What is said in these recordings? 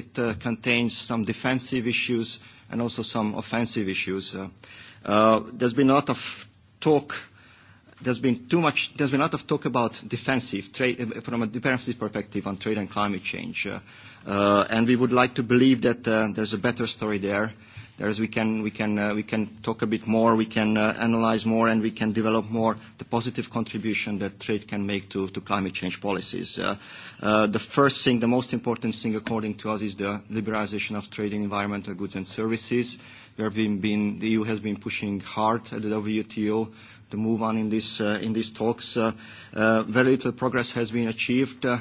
It uh, contains some defensive issues and also some offensive issues. Uh, uh, there's been a lot of talk. There's been too much. There's been a lot of talk about defensive trade uh, from a defensive perspective on trade and climate change, uh, uh, and we would like to believe that uh, there's a better story there. Uh, Thereas we can, we can, uh, we can talk a bit more, we can uh, analyze more, and we can develop more the positive contribution that trade can make to, to climate change policies. Uh, uh, the first thing, the most important thing according to us is the liberalization of trade in environmental goods and services. There have been, been, the EU has been pushing hard at the WTO to move on in, this, uh, in these talks. Uh, uh, very little progress has been achieved, uh,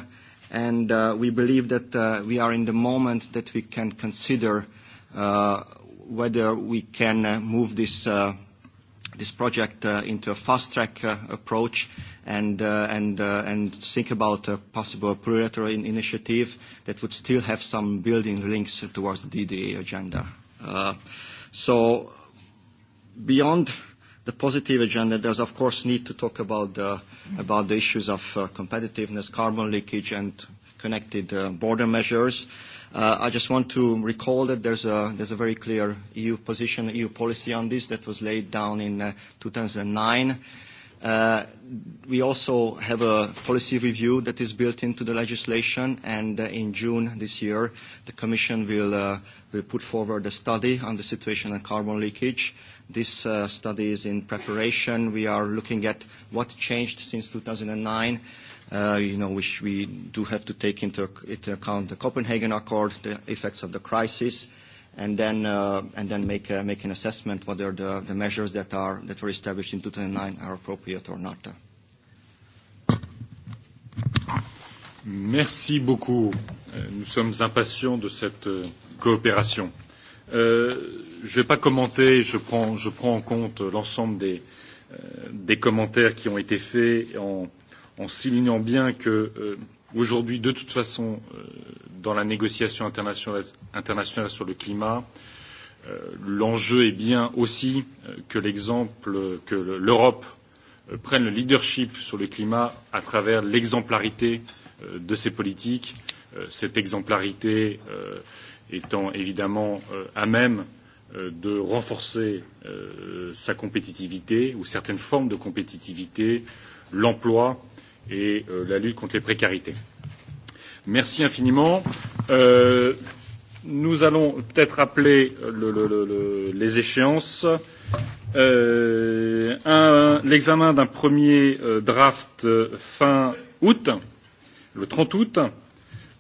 and uh, we believe that uh, we are in the moment that we can consider uh, whether we can uh, move this, uh, this project uh, into a fast-track uh, approach and, uh, and, uh, and think about a possible priority in initiative that would still have some building links towards the DDA agenda. Uh, so beyond the positive agenda, there's of course need to talk about the, about the issues of uh, competitiveness, carbon leakage, and connected uh, border measures. Uh, Uh, I just want to recall that there's a, there's a very clear EU position, EU policy on this that was laid down in uh, 2009. Uh, we also have a policy review that is built into the legislation, and uh, in June this year, the Commission will, uh, will put forward a study on the situation on carbon leakage. This uh, study is in preparation. We are looking at what changed since 2009 uh, you know, which we do have to take into, into account the Copenhagen Accord, the effects of the crisis, and then, uh, and then make, uh, make an assessment whether the, the measures that, are, that were established in 2009 are appropriate or not. Merci beaucoup. Euh, nous sommes impatients de cette euh, coopération. Euh, je ne vais pas commenter, je prends, je prends en compte l'ensemble des, euh, des commentaires qui ont été faits en, en soulignant bien que euh, aujourd'hui, de toute façon, euh, dans la négociation internationale, internationale sur le climat, euh, l'enjeu est bien aussi euh, que l'exemple que l'Europe euh, prenne le leadership sur le climat à travers l'exemplarité euh, de ses politiques, euh, cette exemplarité euh, étant évidemment euh, à même euh, de renforcer euh, sa compétitivité ou certaines formes de compétitivité, l'emploi, euh, et euh, la lutte contre les précarités. Merci infiniment. Euh, nous allons peut-être rappeler le, le, le, le, les échéances. Euh, un, l'examen d'un premier euh, draft euh, fin août, le 30 août,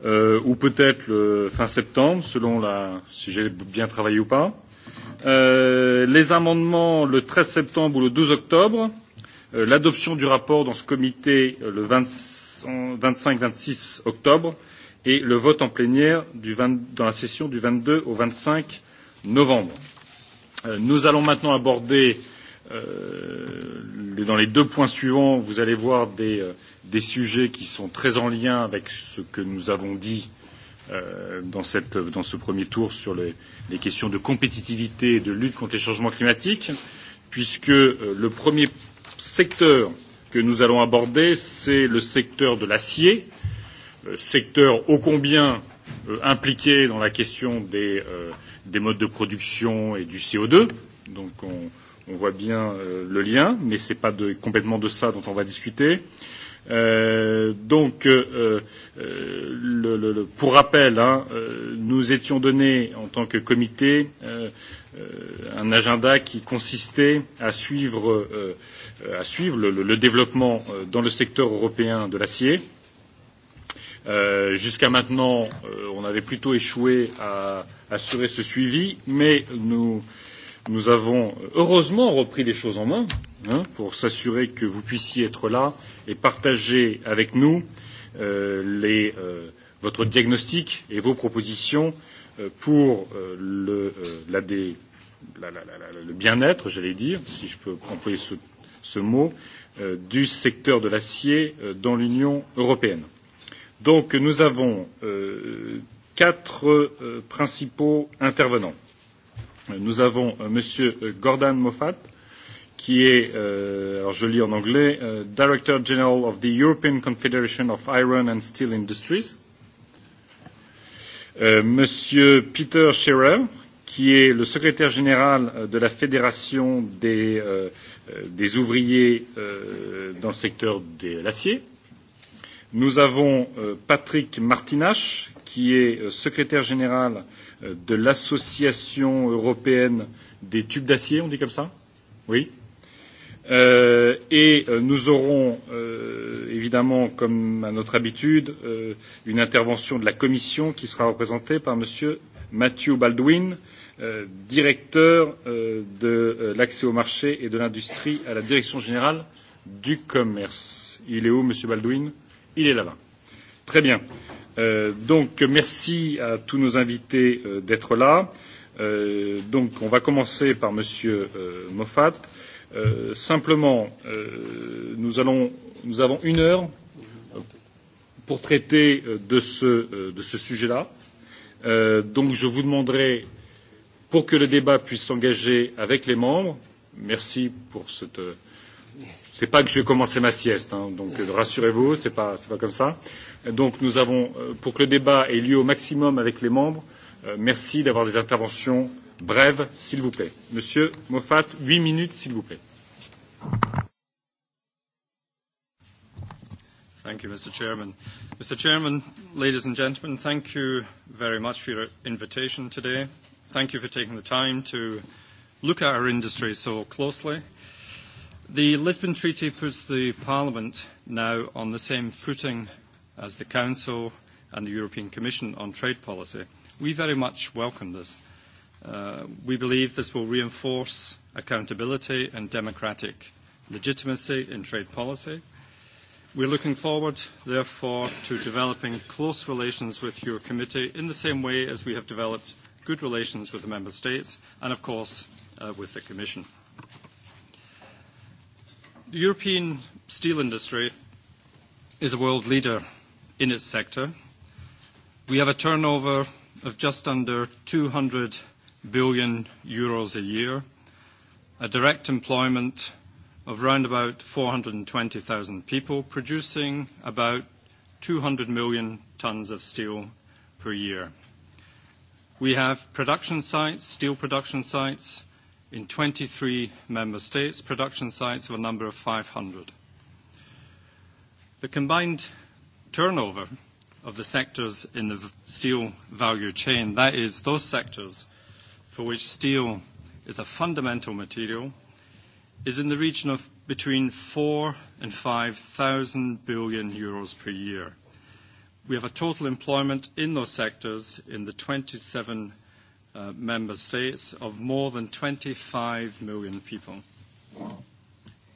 euh, ou peut-être le fin septembre, selon la, si j'ai bien travaillé ou pas. Euh, les amendements le 13 septembre ou le 12 octobre. Euh, Euh, l'adoption du rapport dans ce comité euh, le 25-26 octobre et le vote en plénière du 20, dans la session du 22 au 25 novembre. Euh, nous allons maintenant aborder euh, dans les deux points suivants, vous allez voir des, des sujets qui sont très en lien avec ce que nous avons dit euh, dans, cette, dans ce premier tour sur les, les questions de compétitivité et de lutte contre les changements climatiques, puisque euh, le premier secteur que nous allons aborder, c'est le secteur de l'acier, euh, secteur ô combien euh, impliqué dans la question des, euh, des modes de production et du CO2. Donc on, on voit bien euh, le lien, mais ce n'est pas de, complètement de ça dont on va discuter. Euh, donc, euh, euh, le, le, le, pour rappel, hein, euh, nous étions donnés en tant que comité euh, Euh, un agenda qui consistait à suivre, euh, à suivre le, le, le développement euh, dans le secteur européen de l'acier. Euh, Jusqu'à maintenant, euh, on avait plutôt échoué à assurer ce suivi, mais nous, nous avons heureusement repris les choses en main hein, pour s'assurer que vous puissiez être là et partager avec nous euh, les, euh, votre diagnostic et vos propositions euh, Euh, pour euh, le, euh, la, la, la, la, le bien-être, j'allais dire, si je peux employer ce, ce mot, euh, du secteur de l'acier euh, dans l'Union européenne. Donc nous avons euh, quatre euh, principaux intervenants. Nous avons euh, Monsieur Gordon Moffat, qui est, euh, alors je lis en anglais, euh, Director General of the European Confederation of Iron and Steel Industries. Euh, euh, Monsieur Peter Scherer, qui est le secrétaire général euh, de la Fédération des, euh, euh, des ouvriers euh, dans le secteur de l'acier. Nous avons euh, Patrick Martinache, qui est euh, secrétaire général de l'Association européenne des tubes d'acier, on dit comme ça Oui Euh, et euh, nous aurons euh, évidemment, comme à notre habitude, euh, une intervention de la Commission qui sera représentée par M. Matthew Baldwin, euh, directeur euh, de euh, l'accès au marché et de l'industrie à la Direction générale du commerce. Il est où, M. Baldwin Il est là-bas. Très bien. Euh, donc, merci à tous nos invités euh, d'être là. Euh, donc, on va commencer par M. Euh, Moffat. Euh, Euh, simplement, euh, nous, allons, nous avons une heure pour traiter euh, de ce, euh, de ce sujet-là. Euh, donc je vous demanderai, pour que le débat puisse s'engager avec les membres, merci pour cette. Euh, c'est pas que j'ai commencé ma sieste, hein, donc rassurez-vous, c'est pas, pas comme ça. Donc nous avons, pour que le débat ait lieu au maximum avec les membres, euh, merci d'avoir des interventions euh, brève, s'il vous plaît. Monsieur Moffat, huit minutes, s'il vous plaît. Thank you, Mr. Chairman. Mr. Chairman, ladies and gentlemen, thank you very much for your invitation today. Thank you for taking the time to look at our industry so closely. The Lisbon Treaty puts the Parliament now on the same footing as the Council and the European Commission on trade policy. We very much welcome this. Uh, we believe this will reinforce accountability and democratic legitimacy in trade policy. We're looking forward, therefore, to developing close relations with your committee in the same way as we have developed good relations with the member states and, of course, uh, with the Commission. The European steel industry is a world leader in its sector. We have a turnover of just under 200 billion euros a year, a direct employment of round about 420,000 people, producing about 200 million tons of steel per year. We have production sites, steel production sites in 23 member states, production sites of a number of 500. The combined turnover of the sectors in the steel value chain, that is, those sectors for which steel is a fundamental material, is in the region of between 4 and 5,000 billion euros per year. We have a total employment in those sectors in the 27 uh, member states of more than 25 million people.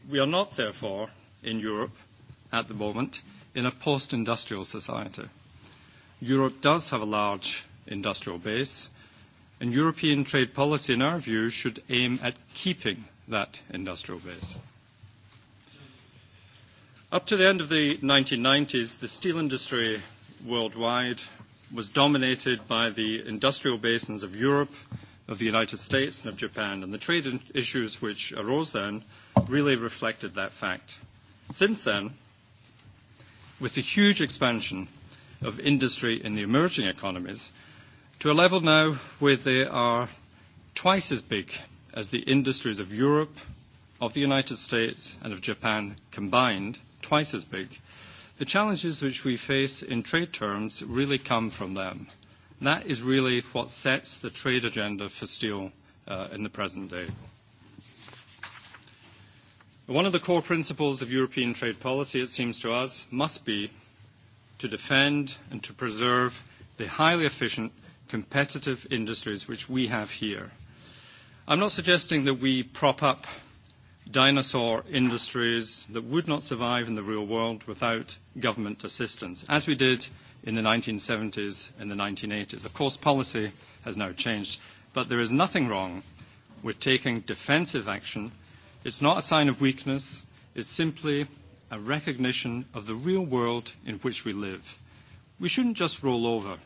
We are not, therefore, in Europe at the moment, in a post-industrial society. Europe does have a large industrial base, And European trade policy, in our view, should aim at keeping that industrial base. Up to the end of the 1990s, the steel industry worldwide was dominated by the industrial basins of Europe, of the United States, and of Japan, and the trade issues which arose then really reflected that fact. Since then, with the huge expansion of industry in the emerging economies, to a level now where they are twice as big as the industries of Europe, of the United States, and of Japan combined, twice as big. The challenges which we face in trade terms really come from them. And that is really what sets the trade agenda for steel uh, in the present day. One of the core principles of European trade policy, it seems to us, must be to defend and to preserve the highly efficient competitive industries which we have here. I'm not suggesting that we prop up dinosaur industries that would not survive in the real world without government assistance, as we did in the 1970s and the 1980s. Of course, policy has now changed, but there is nothing wrong with taking defensive action. It's not a sign of weakness. It's simply a recognition of the real world in which we live. We shouldn't just roll over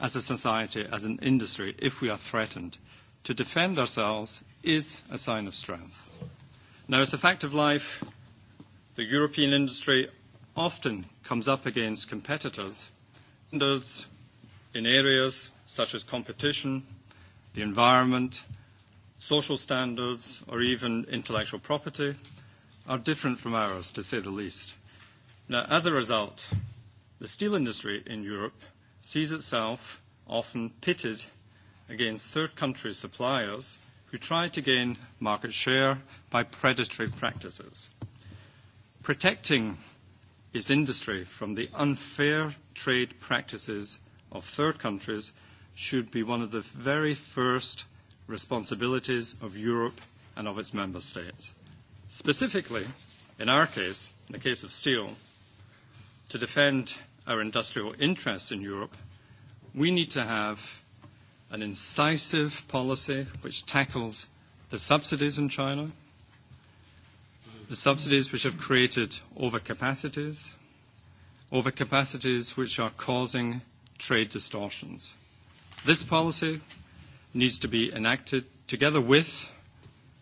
as a society, as an industry, if we are threatened. To defend ourselves is a sign of strength. Now, as a fact of life, the European industry often comes up against competitors standards in areas such as competition, the environment, social standards, or even intellectual property are different from ours, to say the least. Now, as a result, the steel industry in Europe sees itself often pitted against third country suppliers who try to gain market share by predatory practices. Protecting its industry from the unfair trade practices of third countries should be one of the very first responsibilities of Europe and of its member states. Specifically, in our case, in the case of steel, to defend our industrial interests in Europe, we need to have an incisive policy which tackles the subsidies in China, the subsidies which have created overcapacities, overcapacities which are causing trade distortions. This policy needs to be enacted together with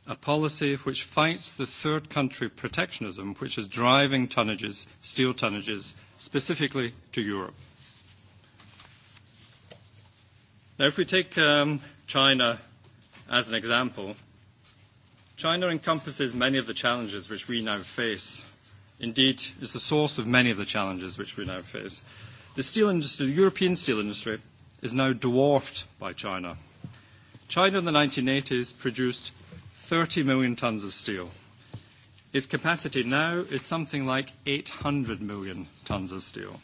a policy which fights the third country protectionism, which is driving tonnages, steel tonnages specifically to Europe. Now, if we take um, China as an example, China encompasses many of the challenges which we now face. Indeed, is the source of many of the challenges which we now face. The steel industry, the European steel industry, is now dwarfed by China. China in the 1980s produced 30 million tons of steel. Its capacity now is something like 800 million tons of steel.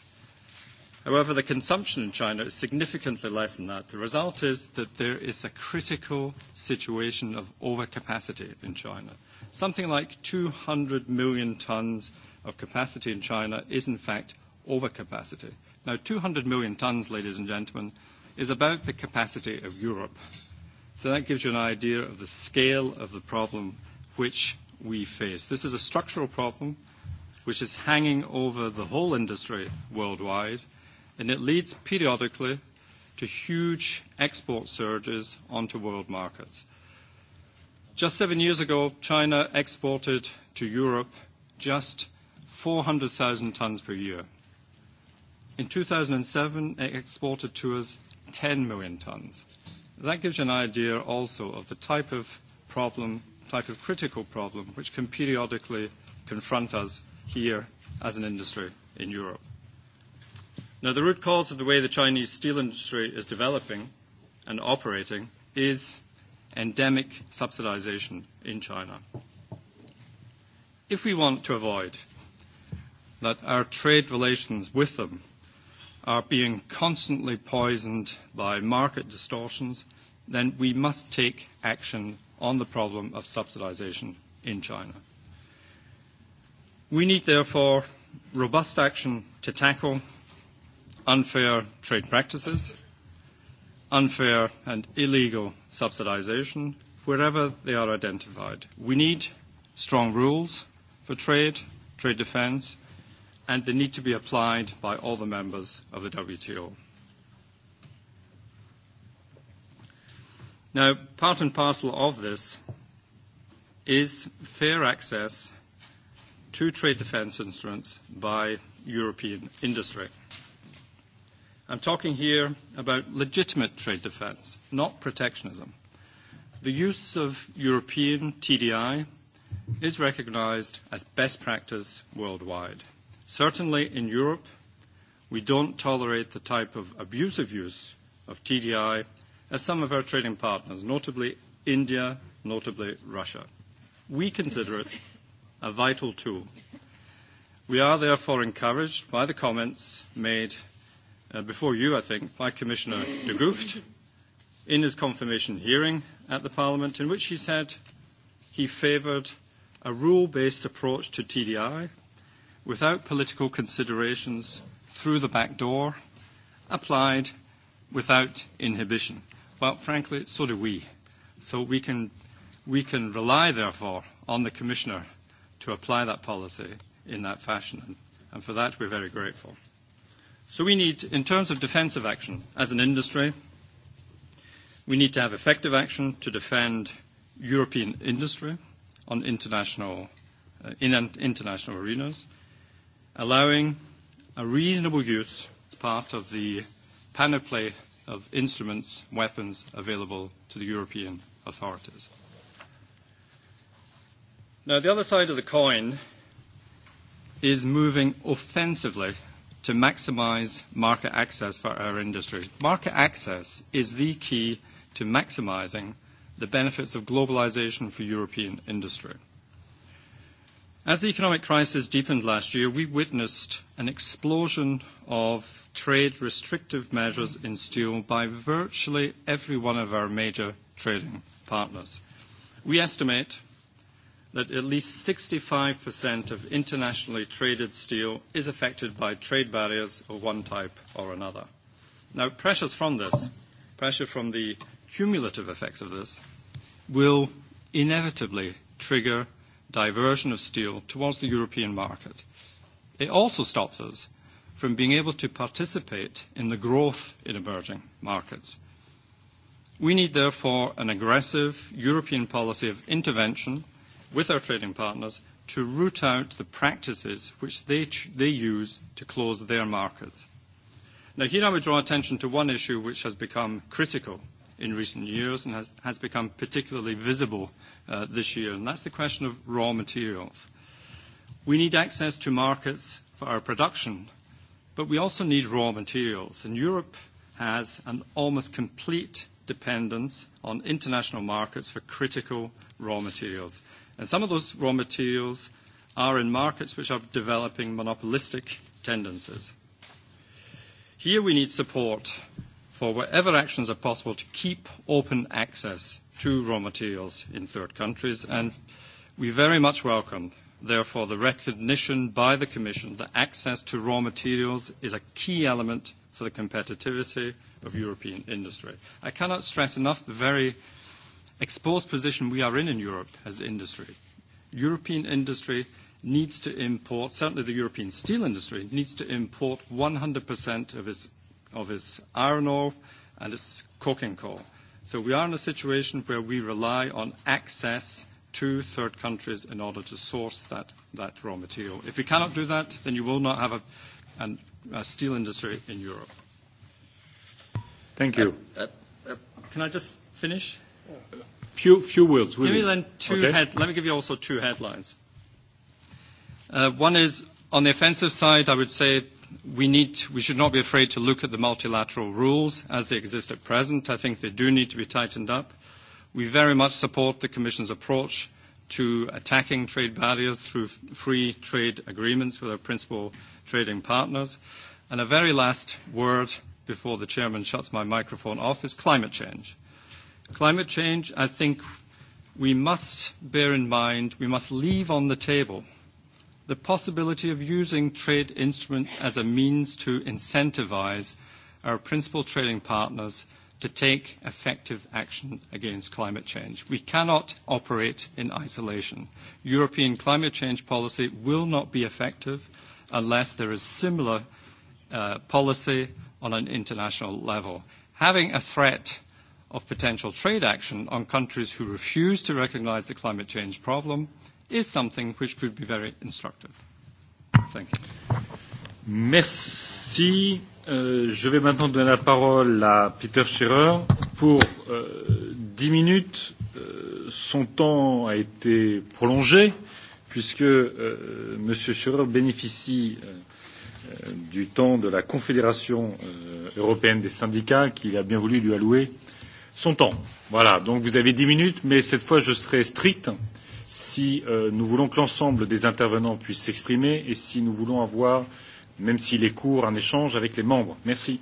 However, the consumption in China is significantly less than that. The result is that there is a critical situation of overcapacity in China. Something like 200 million tons of capacity in China is, in fact, overcapacity. Now, 200 million tons, ladies and gentlemen, is about the capacity of Europe. So that gives you an idea of the scale of the problem, which we face. This is a structural problem which is hanging over the whole industry worldwide, and it leads periodically to huge export surges onto world markets. Just seven years ago, China exported to Europe just 400,000 tons per year. In 2007, it exported to us 10 million tons. That gives you an idea also of the type of problem type of critical problem which can periodically confront us here as an industry in Europe. Now, the root cause of the way the Chinese steel industry is developing and operating is endemic subsidization in China. If we want to avoid that our trade relations with them are being constantly poisoned by market distortions, then we must take action on the problem of subsidization in China. We need, therefore, robust action to tackle unfair trade practices, unfair and illegal subsidization wherever they are identified. We need strong rules for trade, trade defense, and they need to be applied by all the members of the WTO. Now, part and parcel of this is fair access to trade defense instruments by European industry. I'm talking here about legitimate trade defense, not protectionism. The use of European TDI is recognized as best practice worldwide. Certainly in Europe, we don't tolerate the type of abusive use of TDI as some of our trading partners, notably India, notably Russia. We consider it a vital tool. We are therefore encouraged by the comments made uh, before you, I think, by Commissioner de Gucht in his confirmation hearing at the Parliament, in which he said he favoured a rule-based approach to TDI without political considerations through the back door, applied without inhibition. But frankly, so do we. So we can, we can rely, therefore, on the Commissioner to apply that policy in that fashion. And, and for that, we're very grateful. So we need, in terms of defensive action as an industry, we need to have effective action to defend European industry on international, uh, in international arenas, allowing a reasonable use as part of the panoply of instruments, weapons available to the European authorities. Now, the other side of the coin is moving offensively to maximize market access for our industry. Market access is the key to maximizing the benefits of globalization for European industry. As the economic crisis deepened last year, we witnessed an explosion of trade restrictive measures in steel by virtually every one of our major trading partners. We estimate that at least 65% of internationally traded steel is affected by trade barriers of one type or another. Now, pressures from this, pressure from the cumulative effects of this, will inevitably trigger diversion of steel towards the European market. It also stops us from being able to participate in the growth in emerging markets. We need, therefore, an aggressive European policy of intervention with our trading partners to root out the practices which they, they use to close their markets. Now, here I would draw attention to one issue which has become critical – in recent years and has, has become particularly visible uh, this year, and that's the question of raw materials. We need access to markets for our production, but we also need raw materials, and Europe has an almost complete dependence on international markets for critical raw materials. And some of those raw materials are in markets which are developing monopolistic tendencies. Here we need support therefore, whatever actions are possible to keep open access to raw materials in third countries, and we very much welcome, therefore, the recognition by the Commission that access to raw materials is a key element for the competitivity of European industry. I cannot stress enough the very exposed position we are in in Europe as industry. European industry needs to import, certainly the European steel industry, needs to import 100% of its of its iron ore and its coking coal. So we are in a situation where we rely on access to third countries in order to source that, that raw material. If we cannot do that, then you will not have a, an, a steel industry in Europe. Thank you. Uh, uh, uh, can I just finish? Few, few words. Give me you? then two okay. head, let me give you also two headlines. Uh, one is on the offensive side, I would say we, need, we should not be afraid to look at the multilateral rules as they exist at present. I think they do need to be tightened up. We very much support the Commission's approach to attacking trade barriers through free trade agreements with our principal trading partners. And a very last word before the chairman shuts my microphone off is climate change. Climate change, I think we must bear in mind, we must leave on the table – the possibility of using trade instruments as a means to incentivize our principal trading partners to take effective action against climate change. We cannot operate in isolation. European climate change policy will not be effective unless there is similar uh, policy on an international level. Having a threat of potential trade action on countries who refuse to recognize the climate change problem is something which could be very instructive. Thank you. Merci. Euh, je vais maintenant donner la parole à Peter Scherer. Pour euh, 10 minutes, euh, son temps a été prolongé puisque euh, M. Scherer bénéficie euh, euh, du temps de la Confédération euh, européenne des syndicats qui a bien voulu lui allouer son temps. Voilà, donc vous avez dix minutes, mais cette fois je serai strict. Euh, si euh, nous voulons que l'ensemble des intervenants puissent s'exprimer et si nous voulons avoir, même s'il est court, un échange avec les membres. Merci.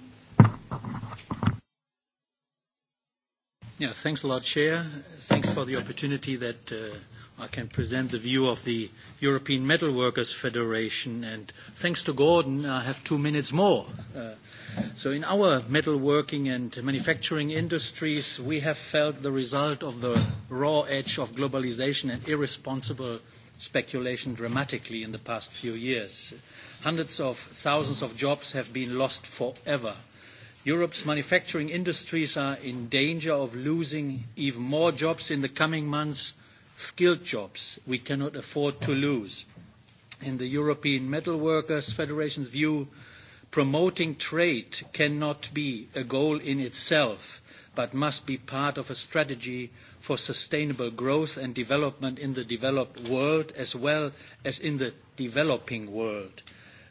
Yeah, thanks a lot, Chair. Thanks for the opportunity that uh, I can present the view of the European Metal Workers Federation. And thanks to Gordon, I have two minutes more. Uh, so in our metalworking and manufacturing industries, we have felt the result of the raw edge of globalization and irresponsible speculation dramatically in the past few years. Hundreds of thousands of jobs have been lost forever. Europe's manufacturing industries are in danger of losing even more jobs in the coming months skilled jobs we cannot afford to lose. In the European Metal Workers Federation's view, promoting trade cannot be a goal in itself, but must be part of a strategy for sustainable growth and development in the developed world as well as in the developing world.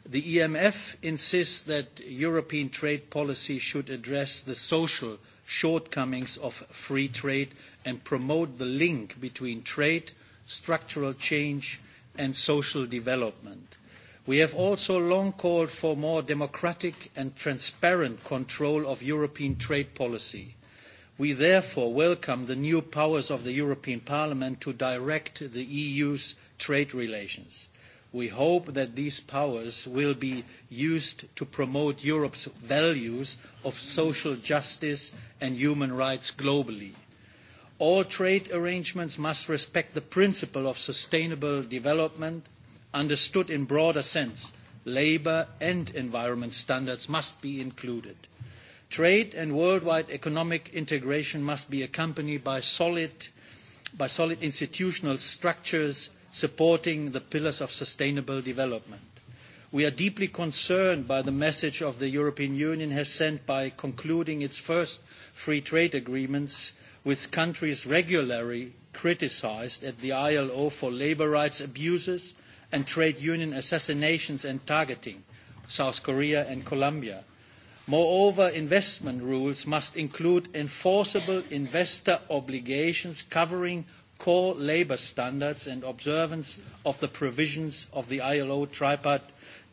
The EMF insists that European trade policy should address the social shortcomings of free trade and promote the link between trade, structural change and social development. We have also long called for more democratic and transparent control of European trade policy. We therefore welcome the new powers of the European Parliament to direct the EU's trade relations. We hope that these powers will be used to promote Europe's values of social justice and human rights globally. All trade arrangements must respect the principle of sustainable development, understood in broader sense. Labour and environment standards must be included. Trade and worldwide economic integration must be accompanied by solid, by solid institutional structures supporting the pillars of sustainable development. We are deeply concerned by the message of the European Union has sent by concluding its first free trade agreements with countries regularly criticized at the ILO for labor rights abuses and trade union assassinations and targeting, South Korea and Colombia. Moreover, investment rules must include enforceable investor obligations covering core labour standards and observance of the provisions of the ILO tripart,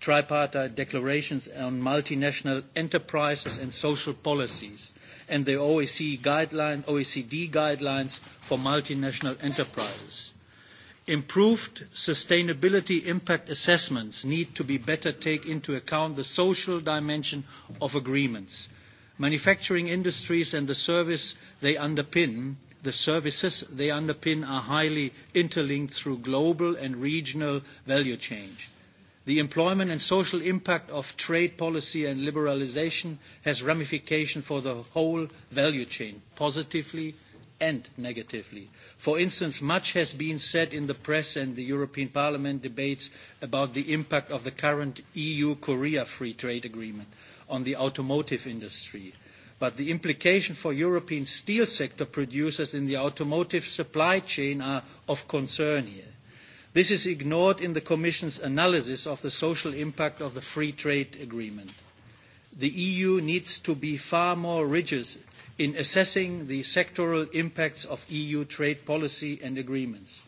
tripartite uh, declarations on multinational enterprises and social policies and the OECD, guideline, OECD guidelines for multinational enterprises. Improved sustainability impact assessments need to be better take into account the social dimension of agreements Manufacturing industries and the service they underpin, the services they underpin are highly interlinked through global and regional value change. The employment and social impact of trade policy and liberalization has ramification for the whole value chain, positively and negatively. For instance, much has been said in the press and the European Parliament debates about the impact of the current EU-Korea Free Trade Agreement on the automotive industry. But the implication for European steel sector producers in the automotive supply chain are of concern here. This is ignored in the Commission's analysis of the social impact of the free trade agreement. The EU needs to be far more rigorous in assessing the sectoral impacts of EU trade policy and agreements.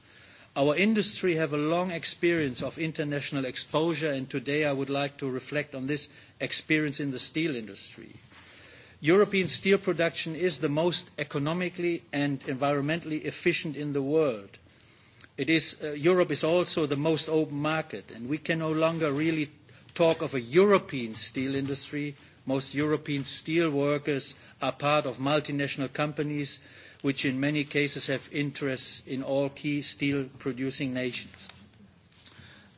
Our industry have a long experience of international exposure, and today I would like to reflect on this experience in the steel industry. European steel production is the most economically and environmentally efficient in the world. It is, uh, Europe is also the most open market, and we can no longer really talk of a European steel industry. Most European steel workers are part of multinational companies uh, which in many cases have interests in all key steel-producing nations.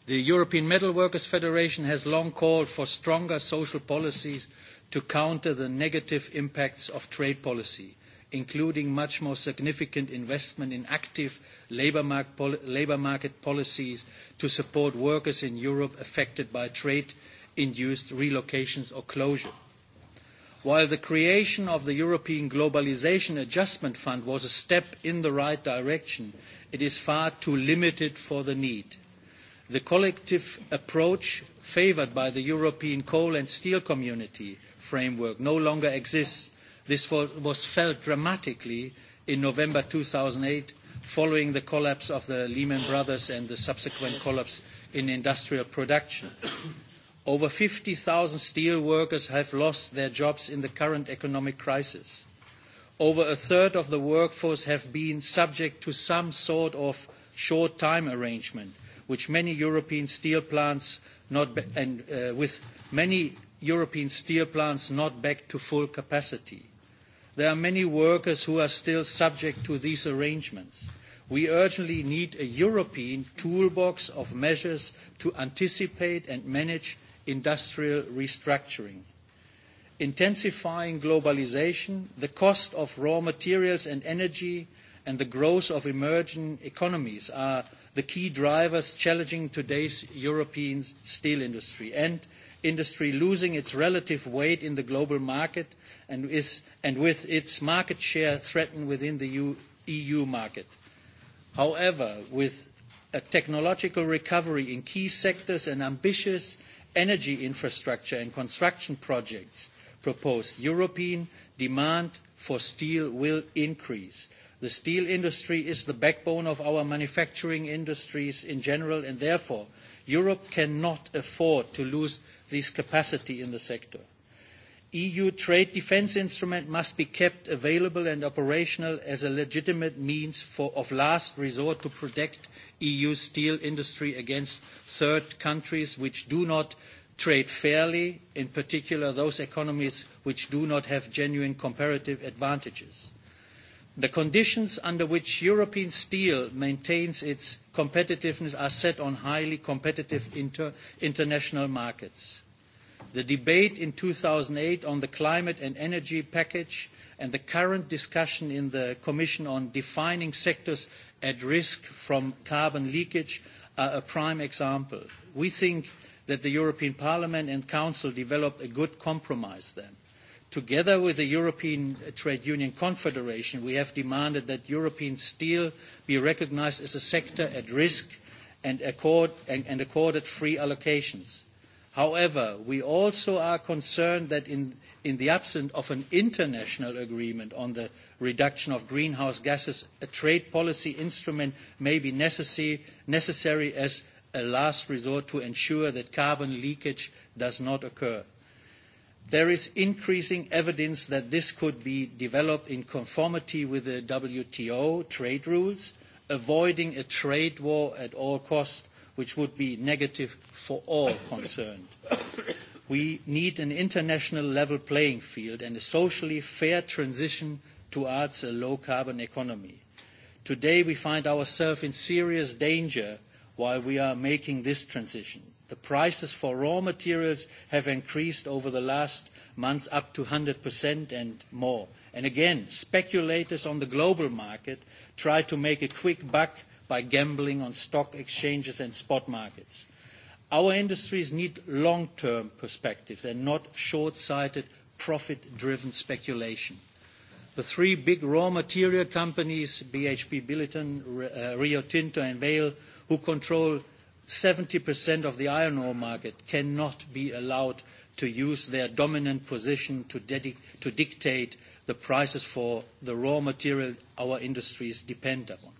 The European Metal Workers Federation has long called for stronger social policies to counter the negative impacts of trade policy, including much more significant investment in active labor, mark pol labor market policies to support workers in Europe affected by trade-induced relocations or closure. While the creation of the European Globalization Adjustment Fund was a step in the right direction, it is far too limited for the need. The collective approach favoured by the European Coal and Steel Community framework no longer exists. This was felt dramatically in November 2008 following the collapse of the Lehman Brothers and the subsequent collapse in industrial production. Over 50,000 steel workers have lost their jobs in the current economic crisis. Over a third of the workforce have been subject to some sort of short time arrangement, which many European steel plants not and uh, with many European steel plants not back to full capacity. There are many workers who are still subject to these arrangements. We urgently need a European toolbox of measures to anticipate and manage industrial restructuring. Intensifying globalization, the cost of raw materials and energy, and the growth of emerging economies are the key drivers challenging today's European steel industry and industry losing its relative weight in the global market and, is, and with its market share threatened within the EU, EU market. However, with a technological recovery in key sectors and ambitious energy infrastructure and construction projects proposed, European demand for steel will increase. The steel industry is the backbone of our manufacturing industries in general, and therefore, Europe cannot afford to lose this capacity in the sector. EU trade defence instrument must be kept available and operational as a legitimate means for, of last resort to protect EU steel industry against third countries which do not trade fairly, in particular those economies which do not have genuine comparative advantages. The conditions under which European steel maintains its competitiveness are set on highly competitive inter- international markets the debate in 2008 on the climate and energy package and the current discussion in the Commission on defining sectors at risk from carbon leakage are a prime example. We think that the European Parliament and Council developed a good compromise then. Together with the European Trade Union Confederation, we have demanded that European steel be recognized as a sector at risk and, accord, and, and accorded free allocations. However, we also are concerned that in, in the absence of an international agreement on the reduction of greenhouse gases, a trade policy instrument may be necessary, necessary as a last resort to ensure that carbon leakage does not occur. There is increasing evidence that this could be developed in conformity with the WTO trade rules, avoiding a trade war at all costs which would be negative for all concerned. We need an international level playing field and a socially fair transition towards a low carbon economy. Today we find ourselves in serious danger while we are making this transition. The prices for raw materials have increased over the last months up to 100% and more. And again, speculators on the global market try to make a quick buck by gambling on stock exchanges and spot markets. Our industries need long-term perspectives and not short-sighted, profit-driven speculation. The three big raw material companies, BHP Billiton, uh, Rio Tinto, and Vale, who control 70% of the iron ore market, cannot be allowed to use their dominant position to, dedic- to dictate the prices for the raw material our industries depend upon.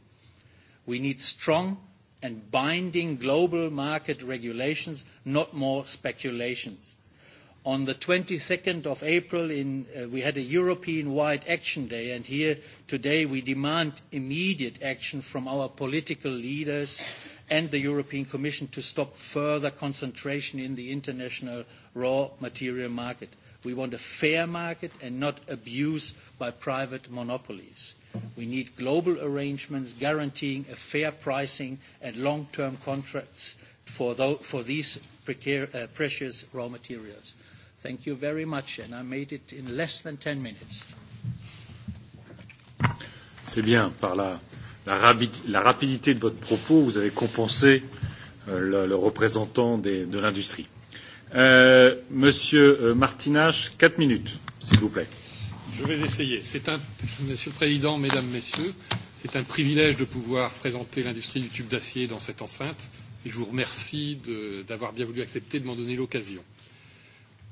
We need strong and binding global market regulations, not more speculations. On the 22nd of April, in, uh, we had a European-wide action day, and here today we demand immediate action from our political leaders and the European Commission to stop further concentration in the international raw material market. We want a fair market and not abuse by private monopolies. We need global arrangements guaranteeing a fair pricing and long-term contracts for, those, for these precar- uh, precious raw materials. Thank you very much, and I made it in less than 10 minutes. C'est bien. Par la, la, rabi, la rapidité de votre propos, vous avez compensé euh, le, le représentant des, de l'industrie. Euh, monsieur euh, Martinage, quatre minutes, s'il vous plaît. Je vais essayer. C'est un, Monsieur le Président, Mesdames, Messieurs, c'est un privilège de pouvoir présenter l'industrie du tube d'acier dans cette enceinte et je vous remercie d'avoir bien voulu accepter de m'en donner l'occasion.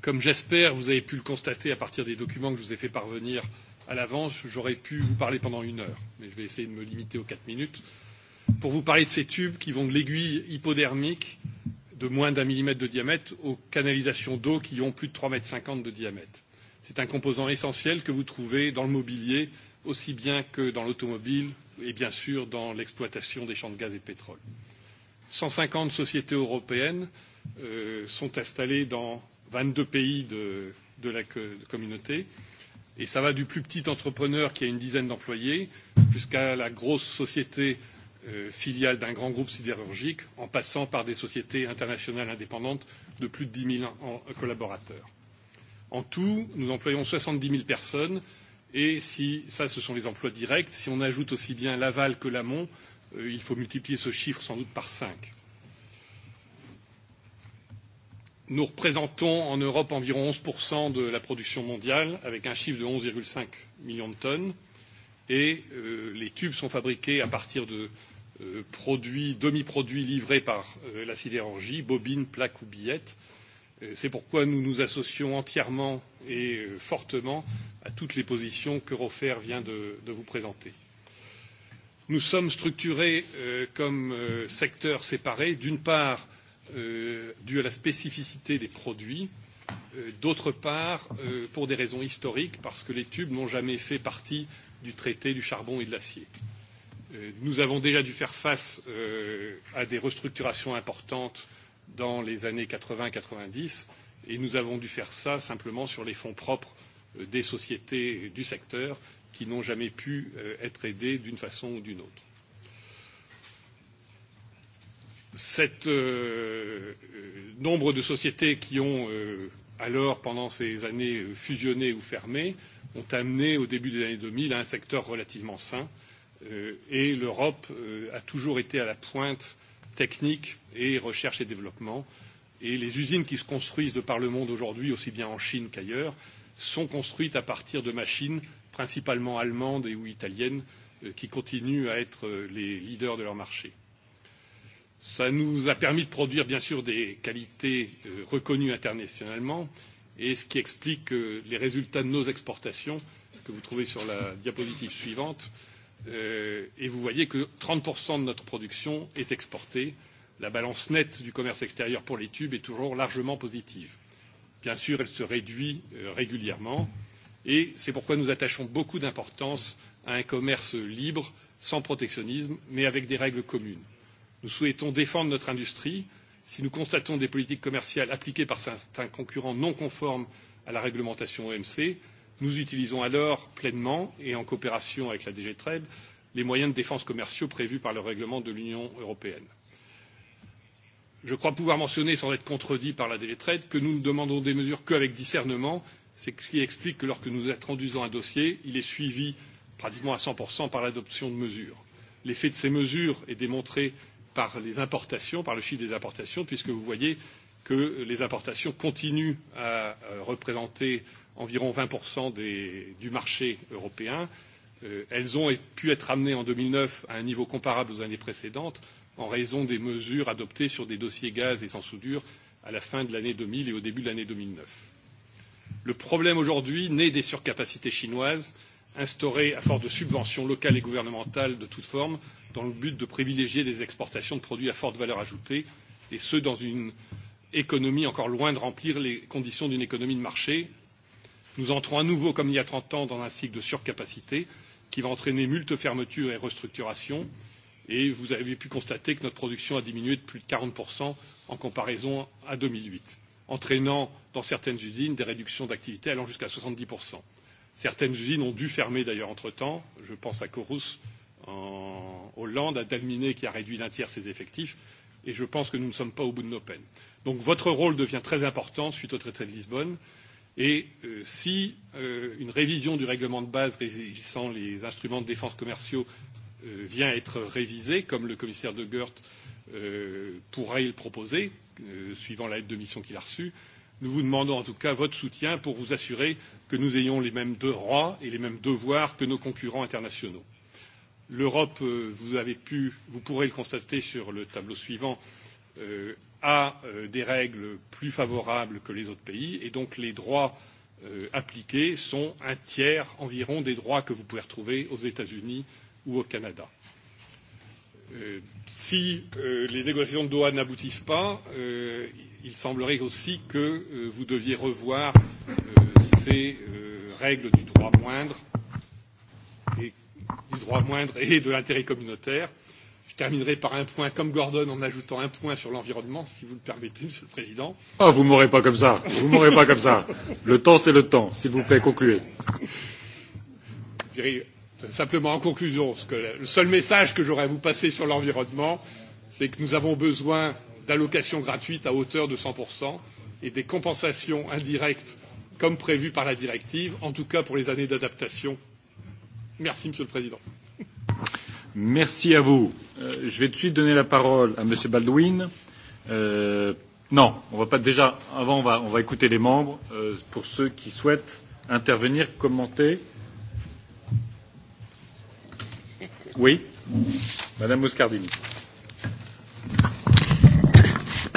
Comme j'espère, vous avez pu le constater à partir des documents que je vous ai fait parvenir à l'avance, j'aurais pu vous parler pendant une heure, mais je vais essayer de me limiter aux quatre minutes pour vous parler de ces tubes qui vont de l'aiguille hypodermique de moins d'un millimètre de diamètre aux canalisations d'eau qui ont plus de 3,50 mètres de diamètre. C'est un composant essentiel que vous trouvez dans le mobilier aussi bien que dans l'automobile et bien sûr dans l'exploitation des champs de gaz et de pétrole. 150 sociétés européennes euh, sont installées dans 22 pays de, de la que, de communauté et ça va du plus petit entrepreneur qui a une dizaine d'employés jusqu'à la grosse société euh, Euh, filiales d'un grand groupe sidérurgique en passant par des sociétés internationales indépendantes de plus de 10 000 collaborateurs. En tout, nous employons 70 000 personnes et si ça, ce sont les emplois directs, si on ajoute aussi bien l'aval que l'amont, euh, il faut multiplier ce chiffre sans doute par 5. Nous représentons en Europe environ 11% de la production mondiale avec un chiffre de 11,5 millions de tonnes et euh, les tubes sont fabriqués à partir de Euh, produits, demi-produits livrés par euh, la sidérurgie, bobines, plaques ou billettes. Euh, c'est pourquoi nous nous associons entièrement et euh, fortement à toutes les positions qu'Eurofer vient de, de vous présenter. Nous sommes structurés euh, comme euh, secteurs séparés, d'une part euh, dû à la spécificité des produits, euh, d'autre part euh, pour des raisons historiques, parce que les tubes n'ont jamais fait partie du traité du charbon et de l'acier. Euh, Euh, nous avons déjà dû faire face euh, à des restructurations importantes dans les années 80-90 et nous avons dû faire ça simplement sur les fonds propres euh, des sociétés euh, du secteur qui n'ont jamais pu euh, être aidées d'une façon ou d'une autre. Cet euh, euh, nombre de sociétés qui ont euh, alors, pendant ces années, fusionné ou fermé, ont amené au début des années 2000 à un secteur relativement sain euh, et l'Europe euh, a toujours été à la pointe technique et recherche et développement. Et les usines qui se construisent de par le monde aujourd'hui, aussi bien en Chine qu'ailleurs, sont construites à partir de machines principalement allemandes et ou italiennes euh, qui continuent à être euh, les leaders de leur marché. Ça nous a permis de produire bien sûr des qualités euh, reconnues internationalement et ce qui explique euh, les résultats de nos exportations que vous trouvez sur la diapositive suivante euh, euh, et vous voyez que 30% de notre production est exportée. La balance nette du commerce extérieur pour les tubes est toujours largement positive. Bien sûr, elle se réduit euh, régulièrement et c'est pourquoi nous attachons beaucoup d'importance à un commerce libre, sans protectionnisme, mais avec des règles communes. Nous souhaitons défendre notre industrie. Si nous constatons des politiques commerciales appliquées par certains concurrents non conformes à la réglementation OMC, Nous utilisons alors pleinement et en coopération avec la DG Trade les moyens de défense commerciaux prévus par le règlement de l'Union européenne. Je crois pouvoir mentionner, sans être contredit par la DG Trade, que nous ne demandons des mesures qu'avec discernement. C'est ce qui explique que lorsque nous introduisons un dossier, il est suivi pratiquement à 100% par l'adoption de mesures. L'effet de ces mesures est démontré par les importations, par le chiffre des importations, puisque vous voyez que les importations continuent à euh, représenter euh, environ 20% des, du marché européen. Euh, elles ont pu être amenées en 2009 à un niveau comparable aux années précédentes en raison des mesures adoptées sur des dossiers gaz et sans soudure à la fin de l'année 2000 et au début de l'année 2009. Le problème aujourd'hui naît des surcapacités chinoises instaurées à force de subventions locales et gouvernementales de toutes formes dans le but de privilégier des exportations de produits à forte valeur ajoutée et ce dans une économie encore loin de remplir les conditions d'une économie de marché Nous entrons à nouveau, comme il y a 30 ans, dans un cycle de surcapacité qui va entraîner multiples fermetures et restructurations. Et vous avez pu constater que notre production a diminué de plus de 40% en comparaison à 2008, entraînant dans certaines usines des réductions d'activité allant jusqu'à 70%. Certaines usines ont dû fermer d'ailleurs entre-temps. Je pense à Corus en Hollande, à Dalminé qui a réduit d'un tiers ses effectifs. Et je pense que nous ne sommes pas au bout de nos peines. Donc votre rôle devient très important suite au traité de Lisbonne. Euh, Et euh, si euh, une révision du règlement de base régissant les instruments de défense commerciaux euh, vient être révisée, comme le commissaire de Goert euh, pourrait le proposer, euh, suivant la lettre de mission qu'il a reçue, nous vous demandons en tout cas votre soutien pour vous assurer que nous ayons les mêmes droits et les mêmes devoirs que nos concurrents internationaux. L'Europe, euh, vous avez pu, vous pourrez le constater sur le tableau suivant, euh, a euh, des règles plus favorables que les autres pays et donc les droits euh, appliqués sont un tiers environ des droits que vous pouvez retrouver aux États-Unis ou au Canada. Euh, si euh, les négociations de Doha n'aboutissent pas, euh, il semblerait aussi que euh, vous deviez revoir euh, ces euh, règles du droit moindre et du droit moindre et de l'intérêt communautaire euh, terminerai par un point comme Gordon en ajoutant un point sur l'environnement, si vous le permettez, Monsieur le Président. Ah, oh, vous m'aurez pas comme ça. Vous m'aurez pas comme ça. Le temps, c'est le temps. S'il vous plaît, concluez. Je dirais simplement en conclusion, ce que, le seul message que j'aurais à vous passer sur l'environnement, c'est que nous avons besoin d'allocations gratuites à hauteur de 100% et des compensations indirectes comme prévu par la directive, en tout cas pour les années d'adaptation. Merci, Monsieur le Président. Merci à vous. Euh, je vais tout de suite donner la parole à M. Baldwin. Euh, non, on va pas déjà. Avant, on va, on va écouter les membres euh, pour ceux qui souhaitent intervenir, commenter. Oui, Madame Moscardini.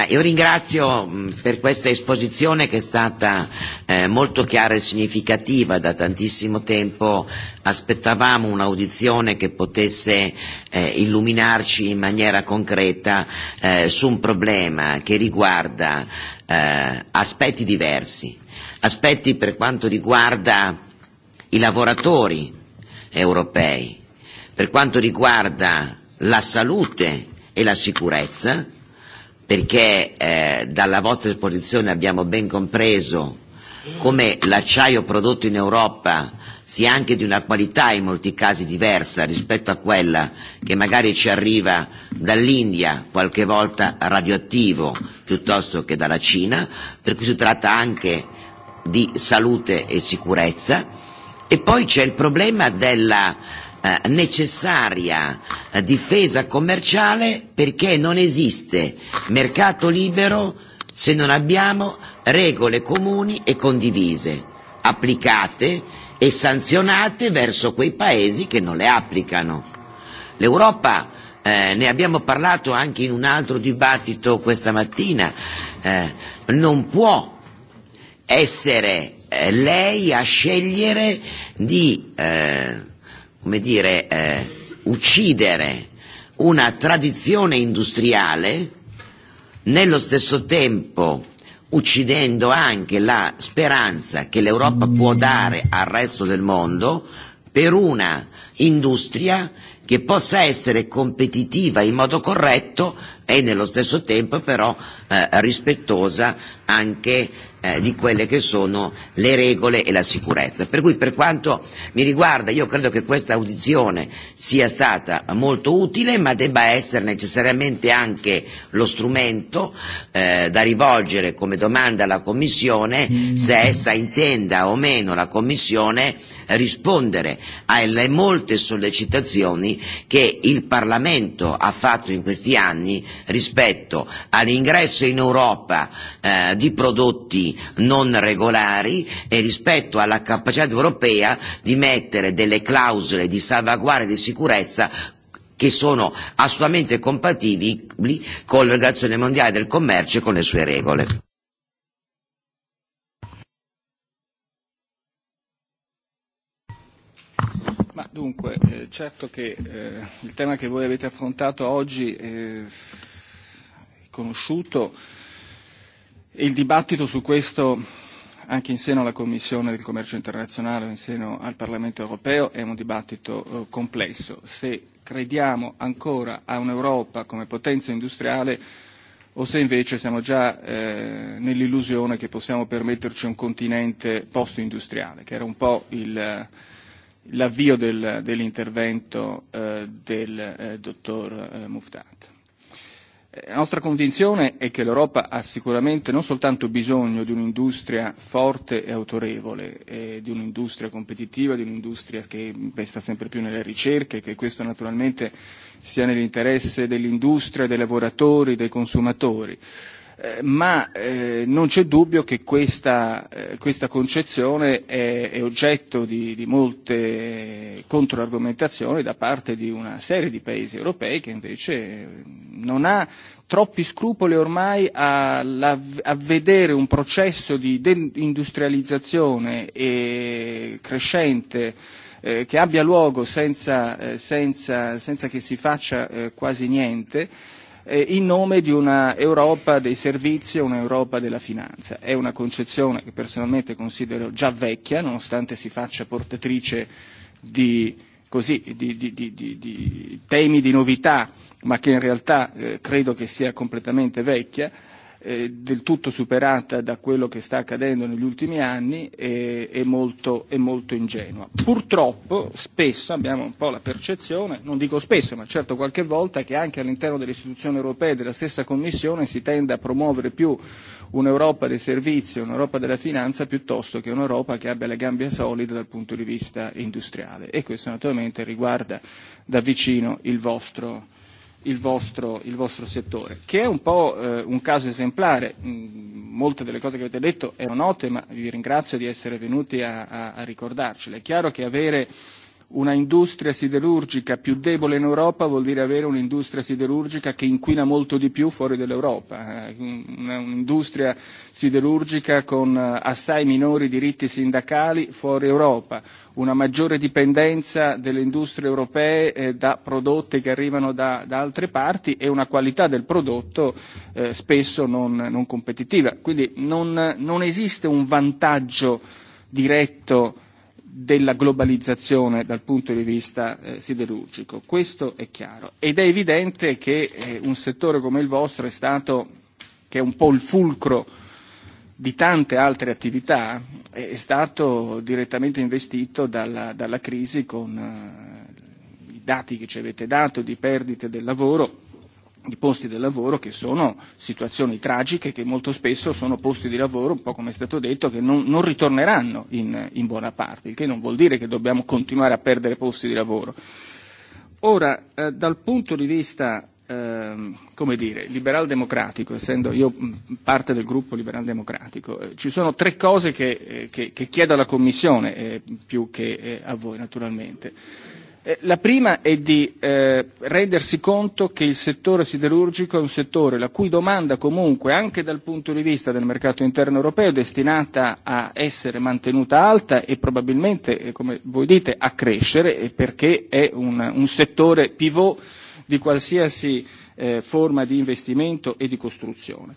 Beh, io ringrazio mh, mm, per questa esposizione che è stata eh, molto chiara e significativa. Da tantissimo tempo aspettavamo un'audizione che potesse eh, illuminarci in maniera concreta eh, su un problema che riguarda eh, aspetti diversi, aspetti per quanto riguarda i lavoratori europei, per quanto riguarda la salute e la sicurezza, perché eh, dalla vostra esposizione abbiamo ben compreso come l'acciaio prodotto in Europa sia anche di una qualità in molti casi diversa rispetto a quella che magari ci arriva dall'India, qualche volta radioattivo, piuttosto che dalla Cina, per cui si tratta anche di salute e sicurezza. E poi c'è il problema della eh, necessaria difesa commerciale perché non esiste mercato libero se non abbiamo regole comuni e condivise, applicate e sanzionate verso quei paesi che non le applicano. L'Europa eh, ne abbiamo parlato anche in un altro dibattito questa mattina, eh, non può essere eh, lei a scegliere di eh, come dire, eh, uccidere una tradizione industriale, nello stesso tempo uccidendo anche la speranza che l'Europa può dare al resto del mondo per una industria che possa essere competitiva in modo corretto e nello stesso tempo però eh, rispettosa anche eh, di quelle che sono le regole e la sicurezza. Per cui per quanto mi riguarda io credo che questa audizione sia stata molto utile ma debba essere necessariamente anche lo strumento eh, da rivolgere come domanda alla Commissione se essa intenda o meno la Commissione rispondere alle molte sollecitazioni che il Parlamento ha fatto in questi anni rispetto all'ingresso in Europa eh, di prodotti immigrati non regolari e rispetto alla capacità europea di mettere delle clausole di salvaguardia e di sicurezza che sono assolutamente compatibili con l'Organizzazione Mondiale del Commercio e con le sue regole. Ma dunque, eh, certo che eh, il tema che voi avete affrontato oggi eh, è conosciuto il dibattito su questo anche in seno alla Commissione del Commercio Internazionale, in seno al Parlamento Europeo, è un dibattito eh, complesso. Se crediamo ancora a un'Europa come potenza industriale o se invece siamo già eh, nell'illusione che possiamo permetterci un continente post-industriale, che era un po' il, l'avvio del, dell'intervento eh, del eh, dottor eh, Muftat. La nostra convinzione è che l'Europa ha sicuramente non soltanto bisogno di un'industria forte e autorevole, eh, di un'industria competitiva, di un'industria che investa sempre più nelle ricerche, che questo naturalmente sia nell'interesse dell'industria, dei lavoratori, dei consumatori, Eh, ma eh, non c'è dubbio che questa, eh, questa concezione è, è oggetto di, di molte controargomentazioni da parte di una serie di paesi europei che invece eh, non ha troppi scrupoli ormai a, la, a vedere un processo di deindustrializzazione e crescente eh, che abbia luogo senza, eh, senza, senza che si faccia eh, quasi niente eh, in nome di una Europa dei servizi e un'Europa della finanza. È una concezione che personalmente considero già vecchia, nonostante si faccia portatrice di, così, di, di, di, di, di temi di novità, ma che in realtà eh, credo che sia completamente vecchia eh, del tutto superata da quello che sta accadendo negli ultimi anni eh, è, molto, è molto ingenua. Purtroppo spesso abbiamo un po' la percezione, non dico spesso, ma certo qualche volta, che anche all'interno delle istituzioni europee e della stessa Commissione si tende a promuovere più un'Europa dei servizi, un'Europa della finanza, piuttosto che un'Europa che abbia le gambe solide dal punto di vista industriale. E questo naturalmente riguarda da vicino il vostro il vostro, il vostro settore, che è un po' eh, un caso esemplare. Mh, mm, molte delle cose che avete detto erano note, ma vi ringrazio di essere venuti a, a, a ricordarcele. È chiaro che avere eh, una industria siderurgica più debole in Europa vuol dire avere un'industria siderurgica che inquina molto di più fuori dall'Europa, eh. un'industria siderurgica con eh, assai minori diritti sindacali fuori Europa, una maggiore dipendenza delle industrie europee eh, da prodotti che arrivano da, da altre parti e una qualità del prodotto eh, spesso non, non competitiva. Quindi non, non esiste un vantaggio diretto della globalizzazione dal punto di vista eh, siderurgico, questo è chiaro. Ed è evidente che eh, un settore come il vostro è stato, che è un po' il fulcro di tante altre attività, è stato direttamente investito dalla, dalla crisi con eh, i dati che ci avete dato di perdite del lavoro di posti del lavoro che sono situazioni tragiche che molto spesso sono posti di lavoro, un po' come è stato detto, che non, non ritorneranno in, in buona parte, il che non vuol dire che dobbiamo continuare a perdere posti di lavoro. Ora, eh, dal punto di vista eh, come dire, liberal democratico, essendo io mm, parte del gruppo liberal democratico, eh, ci sono tre cose che, eh, che, che chiedo alla Commissione, eh, più che eh, a voi naturalmente Eh, la prima è di eh, rendersi conto che il settore siderurgico è un settore la cui domanda comunque, anche dal punto di vista del mercato interno europeo, è destinata a essere mantenuta alta e probabilmente, eh, come voi dite, a crescere eh, perché è un, un settore pivot di qualsiasi eh, forma di investimento e di costruzione.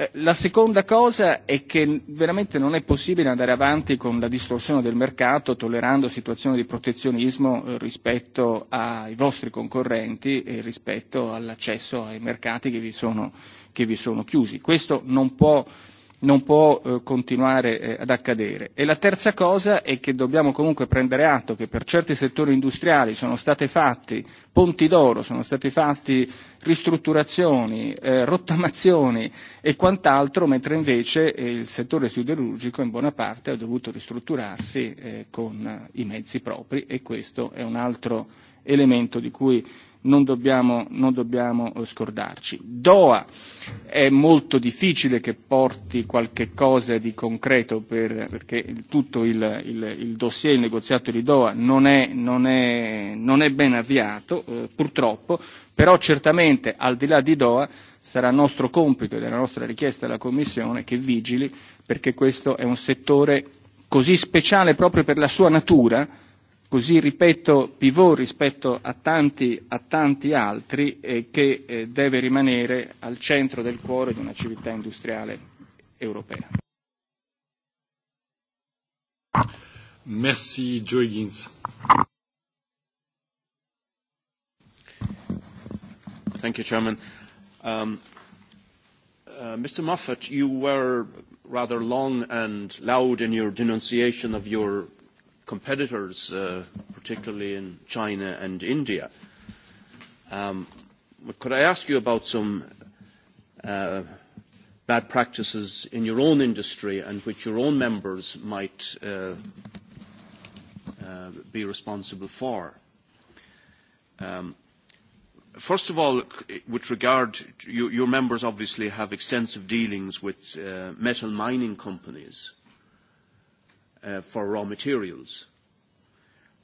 Eh, la seconda cosa è che veramente non è possibile andare avanti con la distorsione del mercato tollerando situazioni di protezionismo eh, rispetto ai vostri concorrenti e rispetto all'accesso ai mercati che vi sono, che vi sono chiusi. Questo non può non può eh, continuare eh, ad accadere. E la terza cosa è che dobbiamo comunque prendere atto che per certi settori industriali sono state fatti ponti d'oro, sono stati fatti ristrutturazioni, eh, rottamazioni e quant'altro, mentre invece eh, il settore siderurgico in buona parte ha dovuto ristrutturarsi eh, con eh, i mezzi propri e questo è un altro elemento di cui non dobbiamo, non dobbiamo eh, scordarci. Doha è molto difficile che porti qualche cosa di concreto per, perché il, tutto il, il, il dossier, il negoziato di Doha non è, non è, non è ben avviato, eh, purtroppo, però certamente al di là di Doha sarà nostro compito e della nostra richiesta alla Commissione che vigili perché questo è un settore così speciale proprio per la sua natura così ripeto pivot rispetto a tanti, a tanti altri eh, che eh, deve rimanere al centro del cuore di una civiltà industriale europea. Merci Joe Higgins. Thank you, Chairman. Um, uh, Mr. Moffat, you were rather long and loud in your denunciation of your competitors, uh, particularly in China and India. Um, but could I ask you about some uh, bad practices in your own industry and which your own members might uh, uh, be responsible for? Um, First of all, with regard, you, your members obviously have extensive dealings with uh, metal mining companies uh, for raw materials.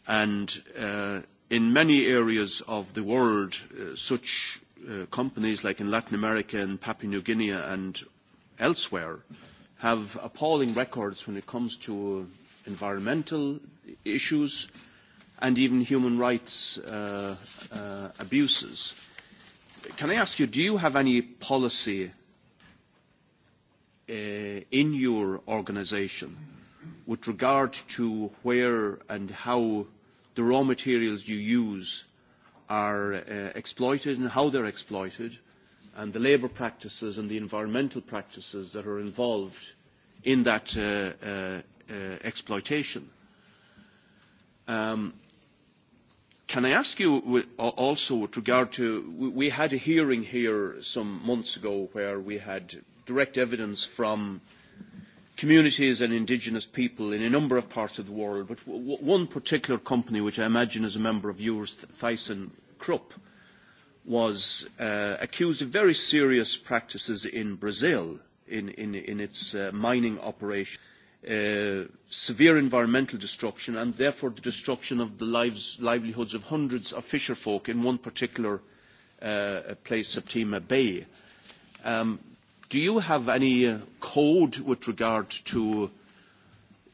And uh, in many areas of the world, uh, such uh, companies like in Latin America and Papua New Guinea and elsewhere have appalling records when it comes to uh, environmental issues and even human rights uh, uh, abuses. Can I ask you, do you have any policy uh, in your organization with regard to where and how the raw materials you use are uh, exploited and how they're exploited and the labour practices and the environmental practices that are involved in that uh, uh, uh, exploitation. Um, can I ask you also with regard to, we had a hearing here some months ago where we had direct evidence from uh, communities and indigenous people in a number of parts of the world, but w- one particular company, which I imagine is a member of yours, Thyssen Krupp, was uh, accused of very serious practices in Brazil in, in, in its uh, mining operation, uh, severe environmental destruction, and therefore the destruction of the lives, livelihoods of hundreds of fisher folk in one particular uh, place, Septima Bay. Um, Do you have any code with regard to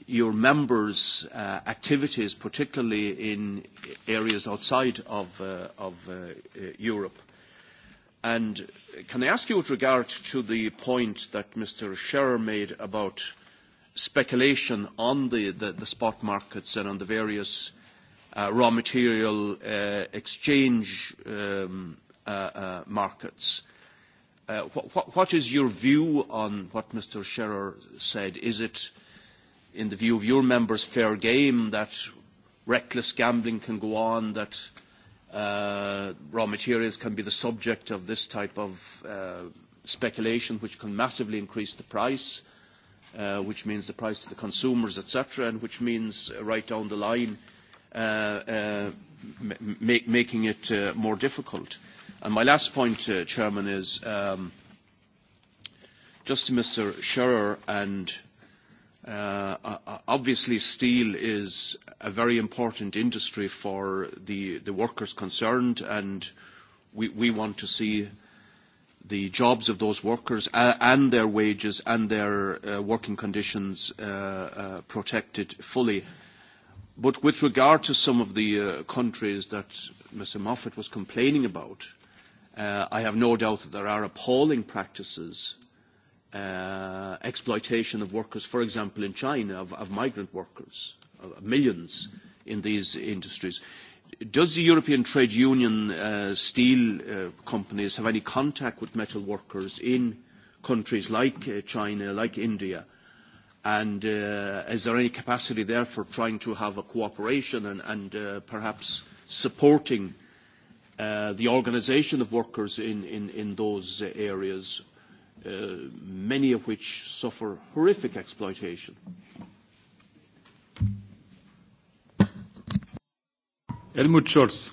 your members' uh, activities, particularly in areas outside of, uh, of uh, Europe? And can I ask you with regard to the point that Mr. Scherer made about speculation on the, the, the spot markets and on the various uh, raw material uh, exchange um, uh, uh, markets? Uh, Uh, wh- wh- what is your view on what Mr. Scherer said? Is it, in the view of your members, fair game that reckless gambling can go on, that uh, raw materials can be the subject of this type of uh, speculation, which can massively increase the price, uh, which means the price to the consumers, etc., and which means uh, right down the line uh, uh, m- make, making it uh, more difficult. And my last point, uh, Chairman, is um, just to Mr. Scherer, and uh, obviously steel is a very important industry for the, the workers concerned, and we, we want to see the jobs of those workers uh, and their wages and their uh, working conditions uh, uh, protected fully. But with regard to some of the uh, countries that Mr. Moffat was complaining about, Uh, I have no doubt that there are appalling practices, uh, exploitation of workers, for example, in China, of, of migrant workers, of millions in these industries. Does the European Trade Union uh, steel uh, companies have any contact with metal workers in countries like uh, China, like India? And uh, is there any capacity there for trying to have a cooperation and, and uh, perhaps supporting uh, uh, the organisation of workers in, in, in those areas, uh, many of which suffer horrific exploitation. Helmut Scholz.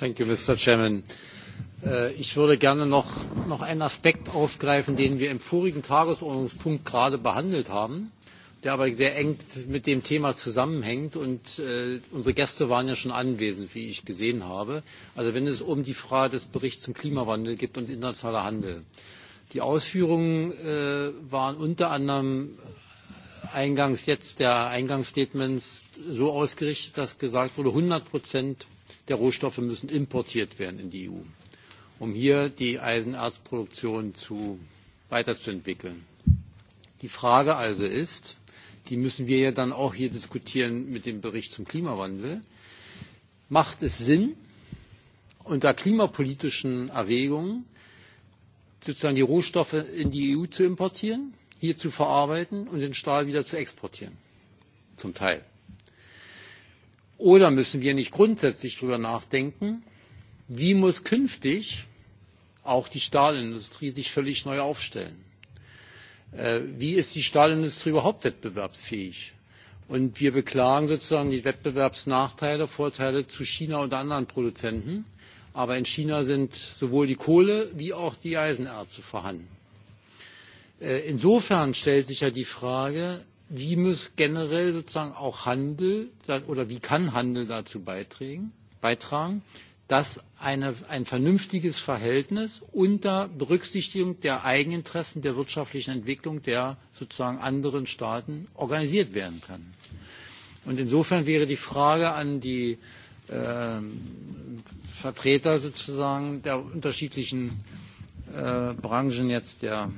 Thank you, Mr. Chairman. Uh, ich würde gerne noch, noch einen Aspekt aufgreifen, den wir im vorigen Tagesordnungspunkt gerade behandelt haben der aber sehr eng mit dem Thema zusammenhängt. Und äh, unsere Gäste waren ja schon anwesend, wie ich gesehen habe. Also wenn es um die Frage des Berichts zum Klimawandel geht und internationaler Handel. Die Ausführungen äh, waren unter anderem eingangs jetzt der Eingangsstatements so ausgerichtet, dass gesagt wurde, 100 Prozent der Rohstoffe müssen importiert werden in die EU, um hier die Eisenerzproduktion zu, weiterzuentwickeln. Die Frage also ist, die müssen wir ja dann auch hier diskutieren mit dem Bericht zum Klimawandel. Macht es Sinn, unter klimapolitischen Erwägungen sozusagen die Rohstoffe in die EU zu importieren, hier zu verarbeiten und den Stahl wieder zu exportieren? Zum Teil. Oder müssen wir nicht grundsätzlich darüber nachdenken, wie muss künftig auch die Stahlindustrie sich völlig neu aufstellen? Äh, wie ist die stahlindustrie überhaupt wettbewerbsfähig? Und wir beklagen sozusagen die Wettbewerbsnachteile, Vorteile zu China und anderen Produzenten. Aber in China sind sowohl die Kohle wie auch die Eisenerze vorhanden. Äh, insofern stellt sich ja die Frage, wie muss generell sozusagen auch Handel oder wie kann Handel dazu beitragen, dass eine, ein vernünftiges Verhältnis unter Berücksichtigung der Eigeninteressen der wirtschaftlichen Entwicklung der sozusagen anderen Staaten organisiert werden kann. Und insofern wäre die Frage an die äh, Vertreter sozusagen der unterschiedlichen äh, Branchen jetzt der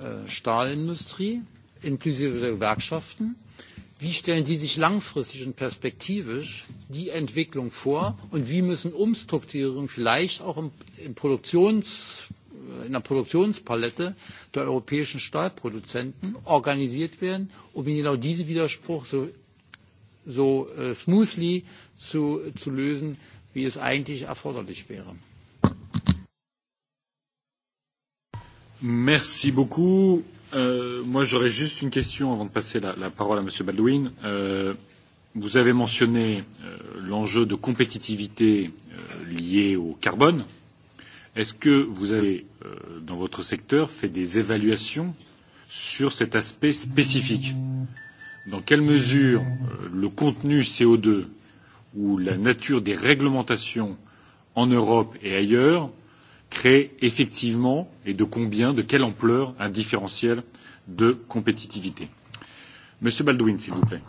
äh, Stahlindustrie inklusive der Gewerkschaften äh, Wie stellen Sie sich langfristig und perspektivisch die Entwicklung vor und wie müssen Umstrukturierungen vielleicht auch im, im Produktions, in der Produktionspalette der europäischen Stahlproduzenten organisiert werden, um genau diesen Widerspruch so, so äh, smoothly zu, zu lösen, wie es eigentlich erforderlich wäre? Merci beaucoup. Euh, moi, j'aurais juste une question avant de passer la, la parole à M. Baldwin. Euh, vous avez mentionné euh, l'enjeu de compétitivité euh, lié au carbone. Est-ce que vous avez, euh, dans votre secteur, fait des évaluations sur cet aspect spécifique Dans quelle mesure euh, le contenu CO2 ou la nature des réglementations en Europe et ailleurs euh, crée effectivement et de combien, de quelle ampleur un différentiel de compétitivité. Monsieur Baldwin, s'il vous plaît.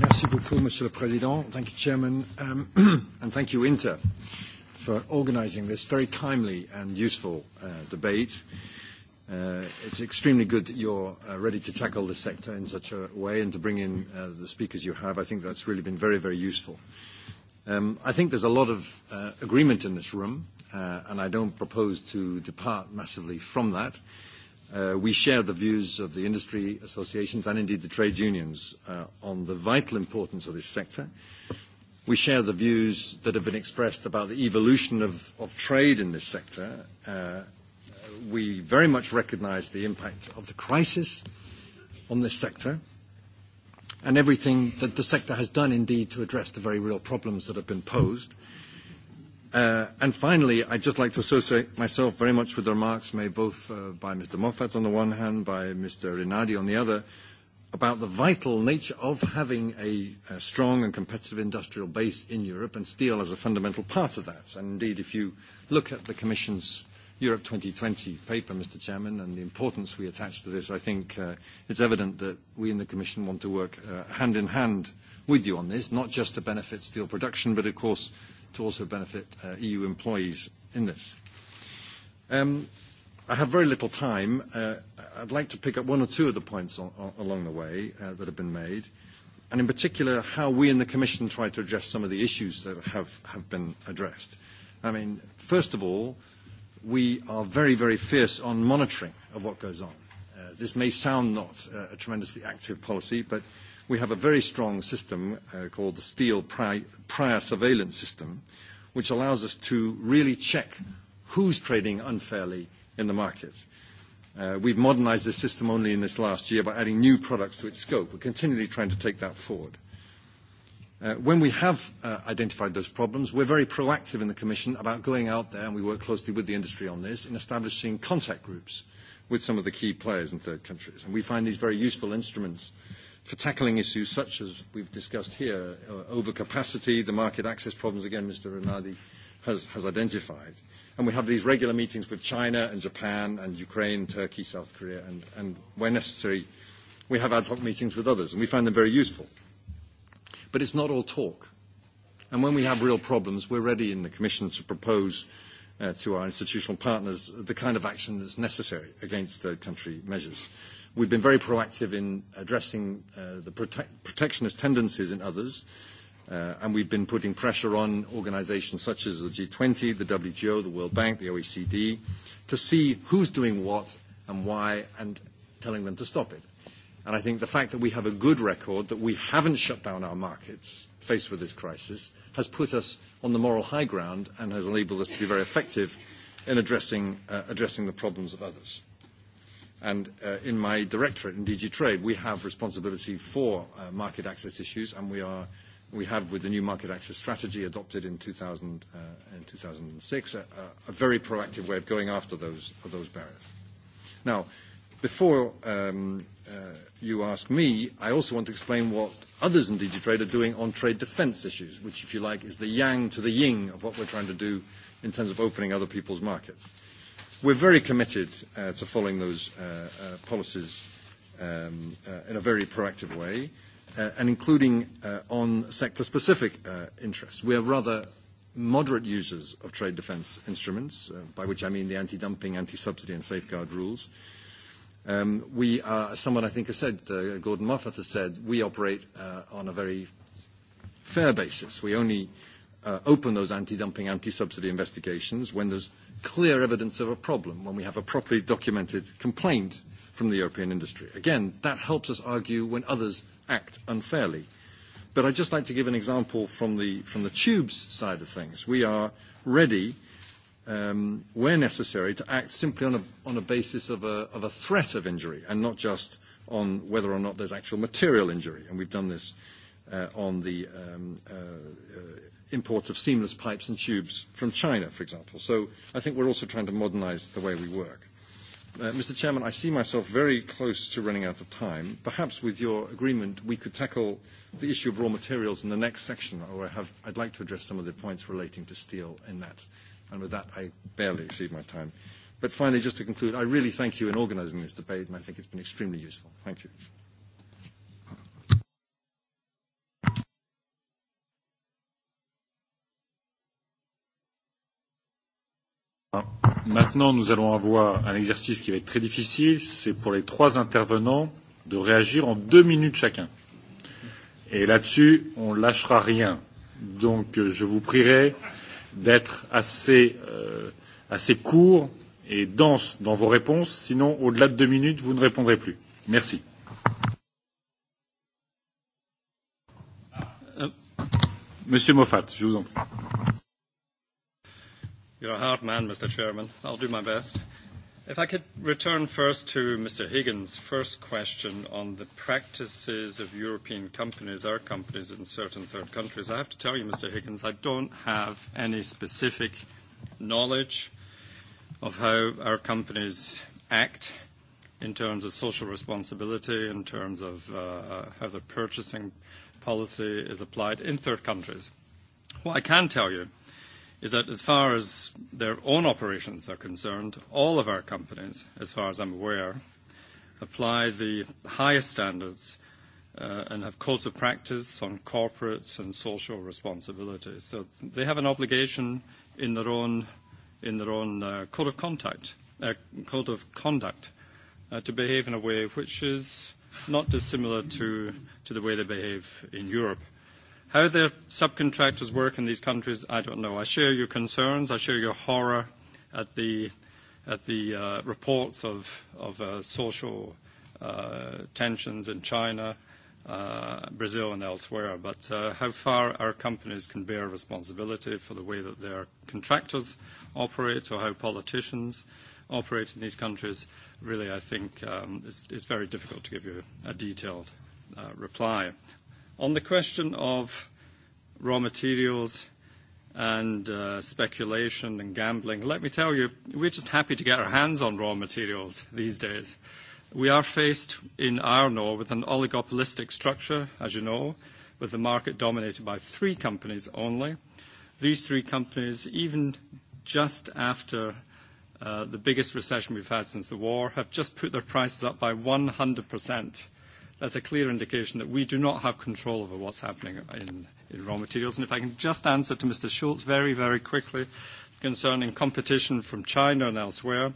Merci beaucoup, Monsieur le Président. Thank you, Chairman, um, and thank you, Inter, for organizing this very timely and useful uh, debate. Uh, Uh, it's extremely good that you're uh, ready to tackle this sector in such a way and to bring in uh, the speakers you have. I think that's really been very, very useful. Um, I think there's a lot of uh, agreement in this room, uh, and I don't propose to depart massively from that. Uh, we share the views of the industry associations and indeed the trade unions uh, on the vital importance of this sector. We share the views that have been expressed about the evolution of, of trade in this sector uh, we very much recognize the impact of the crisis on this sector and everything that the sector has done indeed to address the very real problems that have been posed. Uh, and finally, I'd just like to associate myself very much with the remarks made both uh, by Mr. Moffat on the one hand, by Mr. Rinaldi on the other, about the vital nature of having a, a strong and competitive industrial base in Europe, and steel as a fundamental part of that. And indeed, if you look at the Commission's Europe 2020 paper, Mr. Chairman, and the importance we attach to this, I think uh, it's evident that we in the Commission want to work uh, hand in hand with you on this, not just to benefit steel production, but of course to also benefit uh, EU employees in this. Um, I have very little time. Uh, I'd like to pick up one or two of the points on, on, along the way uh, that have been made, and in particular, how we in the Commission try to address some of the issues that have, have been addressed. I mean, first of all, uh, we are very, very fierce on monitoring of what goes on. Uh, this may sound not uh, a tremendously active policy, but we have a very strong system uh, called the Steel prior, prior Surveillance System, which allows us to really check who's trading unfairly in the market. Uh, we've modernized this system only in this last year by adding new products to its scope. We're continually trying to take that forward. Uh, when we have uh, identified those problems, we're very proactive in the Commission about going out there, and we work closely with the industry on this, in establishing contact groups with some of the key players in third countries. And we find these very useful instruments for tackling issues such as we've discussed here, uh, overcapacity, the market access problems, again, Mr. Rinaldi has, has identified. And we have these regular meetings with China and Japan and Ukraine, Turkey, South Korea, and, and where necessary, we have ad hoc meetings with others, and we find them very useful. But it's not all talk. And when we have real problems, we're ready in the Commission to propose uh, to our institutional partners the kind of action that's necessary against third country measures. We've been very proactive in addressing uh, the prote- protectionist tendencies in others, uh, and we've been putting pressure on organizations such as the G20, the WTO, the World Bank, the OECD, to see who's doing what and why, and telling them to stop it. And I think the fact that we have a good record, that we haven't shut down our markets faced with this crisis, has put us on the moral high ground and has enabled us to be very effective in addressing, uh, addressing the problems of others. And uh, in my directorate, in DG Trade, we have responsibility for uh, market access issues, and we, are, we have, with the new market access strategy adopted in, 2000, uh, in 2006, a, a very proactive way of going after those, of those barriers. Now, before um, uh, you ask me, I also want to explain what others in DigiTrade are doing on trade defense issues, which, if you like, is the yang to the yin of what we're trying to do in terms of opening other people's markets. We're very committed uh, to following those uh, uh, policies um, uh, in a very proactive way, uh, and including uh, on sector-specific uh, interests. We are rather moderate users of trade defense instruments, uh, by which I mean the anti-dumping, anti-subsidy, and safeguard rules. Uh, Um, we are, someone I think has said, uh, Gordon Moffat has said, we operate uh, on a very fair basis. We only uh, open those anti-dumping, anti-subsidy investigations when there's clear evidence of a problem, when we have a properly documented complaint from the European industry. Again, that helps us argue when others act unfairly. But I'd just like to give an example from the, from the tubes side of things. We are ready um, where necessary, to act simply on a, on a basis of a, of a threat of injury and not just on whether or not there's actual material injury. And we've done this uh, on the um, uh, uh, import of seamless pipes and tubes from China, for example. So I think we're also trying to modernize the way we work. Uh, Mr. Chairman, I see myself very close to running out of time. Perhaps with your agreement, we could tackle the issue of raw materials in the next section, or I have, I'd like to address some of the points relating to steel in that. And with that, I barely exceed my time. But finally, just to conclude, I really thank you in organizing this debate, and I think it's been extremely useful. Thank you. Maintenant, nous allons avoir un exercice qui va être très difficile. C'est pour les trois intervenants de réagir en deux minutes chacun. Et là-dessus, on ne lâchera rien. Donc, je vous prierai euh, d'être assez, euh, assez court et dense dans vos réponses, sinon au-delà de deux minutes, vous ne répondrez plus. Merci. Ah, euh. Monsieur Moffat, je vous en prie. You're a hard man, Mr. Chairman. I'll do my best. Uh, If I could return first to Mr. Higgins' first question on the practices of European companies, our companies in certain third countries. I have to tell you, Mr. Higgins, I don't have any specific knowledge of how our companies act in terms of social responsibility, in terms of uh, how the purchasing policy is applied in third countries. What I can tell you is that as far as their own operations are concerned, all of our companies, as far as I'm aware, apply the highest standards uh, and have codes of practice on corporate and social responsibility. So they have an obligation in their own, in their own uh, code of contact, uh, code of conduct, uh, to behave in a way which is not dissimilar to, to the way they behave in Europe. Uh, How their subcontractors work in these countries, I don't know. I share your concerns. I share your horror at the, at the uh, reports of, of uh, social uh, tensions in China, uh, Brazil, and elsewhere. But uh, how far our companies can bear responsibility for the way that their contractors operate or how politicians operate in these countries, really, I think um, it's, it's very difficult to give you a detailed uh, reply. On the question of raw materials and uh, speculation and gambling, let me tell you, we're just happy to get our hands on raw materials these days. We are faced in iron ore with an oligopolistic structure, as you know, with the market dominated by three companies only. These three companies, even just after uh, the biggest recession we've had since the war, have just put their prices up by 100% that's a clear indication that we do not have control over what's happening in, in raw materials. And if I can just answer to Mr. Schulz very, very quickly concerning competition from China and elsewhere.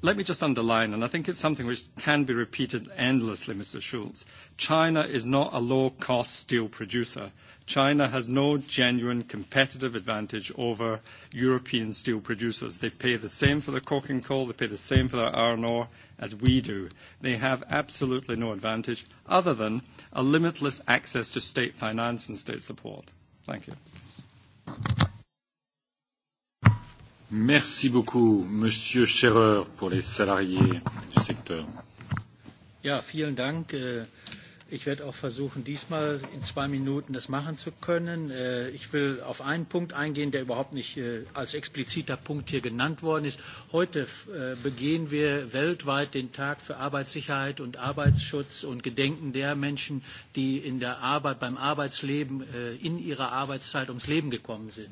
Let me just underline, and I think it's something which can be repeated endlessly, Mr. Schulz. China is not a low-cost steel producer. China has no genuine competitive advantage over European steel producers. They pay the same for their coking coal, they pay the same for their iron ore as we do. They have absolutely no advantage other than a limitless access to state finance and state support. Thank you. Merci beaucoup, Monsieur Scherrer, pour les salariés du secteur. Ja, vielen Dank. Äh Ich werde auch versuchen, diesmal in zwei Minuten das machen zu können. Äh, ich will auf einen Punkt eingehen, der überhaupt nicht äh, als expliziter Punkt hier genannt worden ist. Heute äh, begehen wir weltweit den Tag für Arbeitssicherheit und Arbeitsschutz und gedenken der Menschen, die in der Arbeit, beim Arbeitsleben, in ihrer Arbeitszeit ums Leben gekommen sind.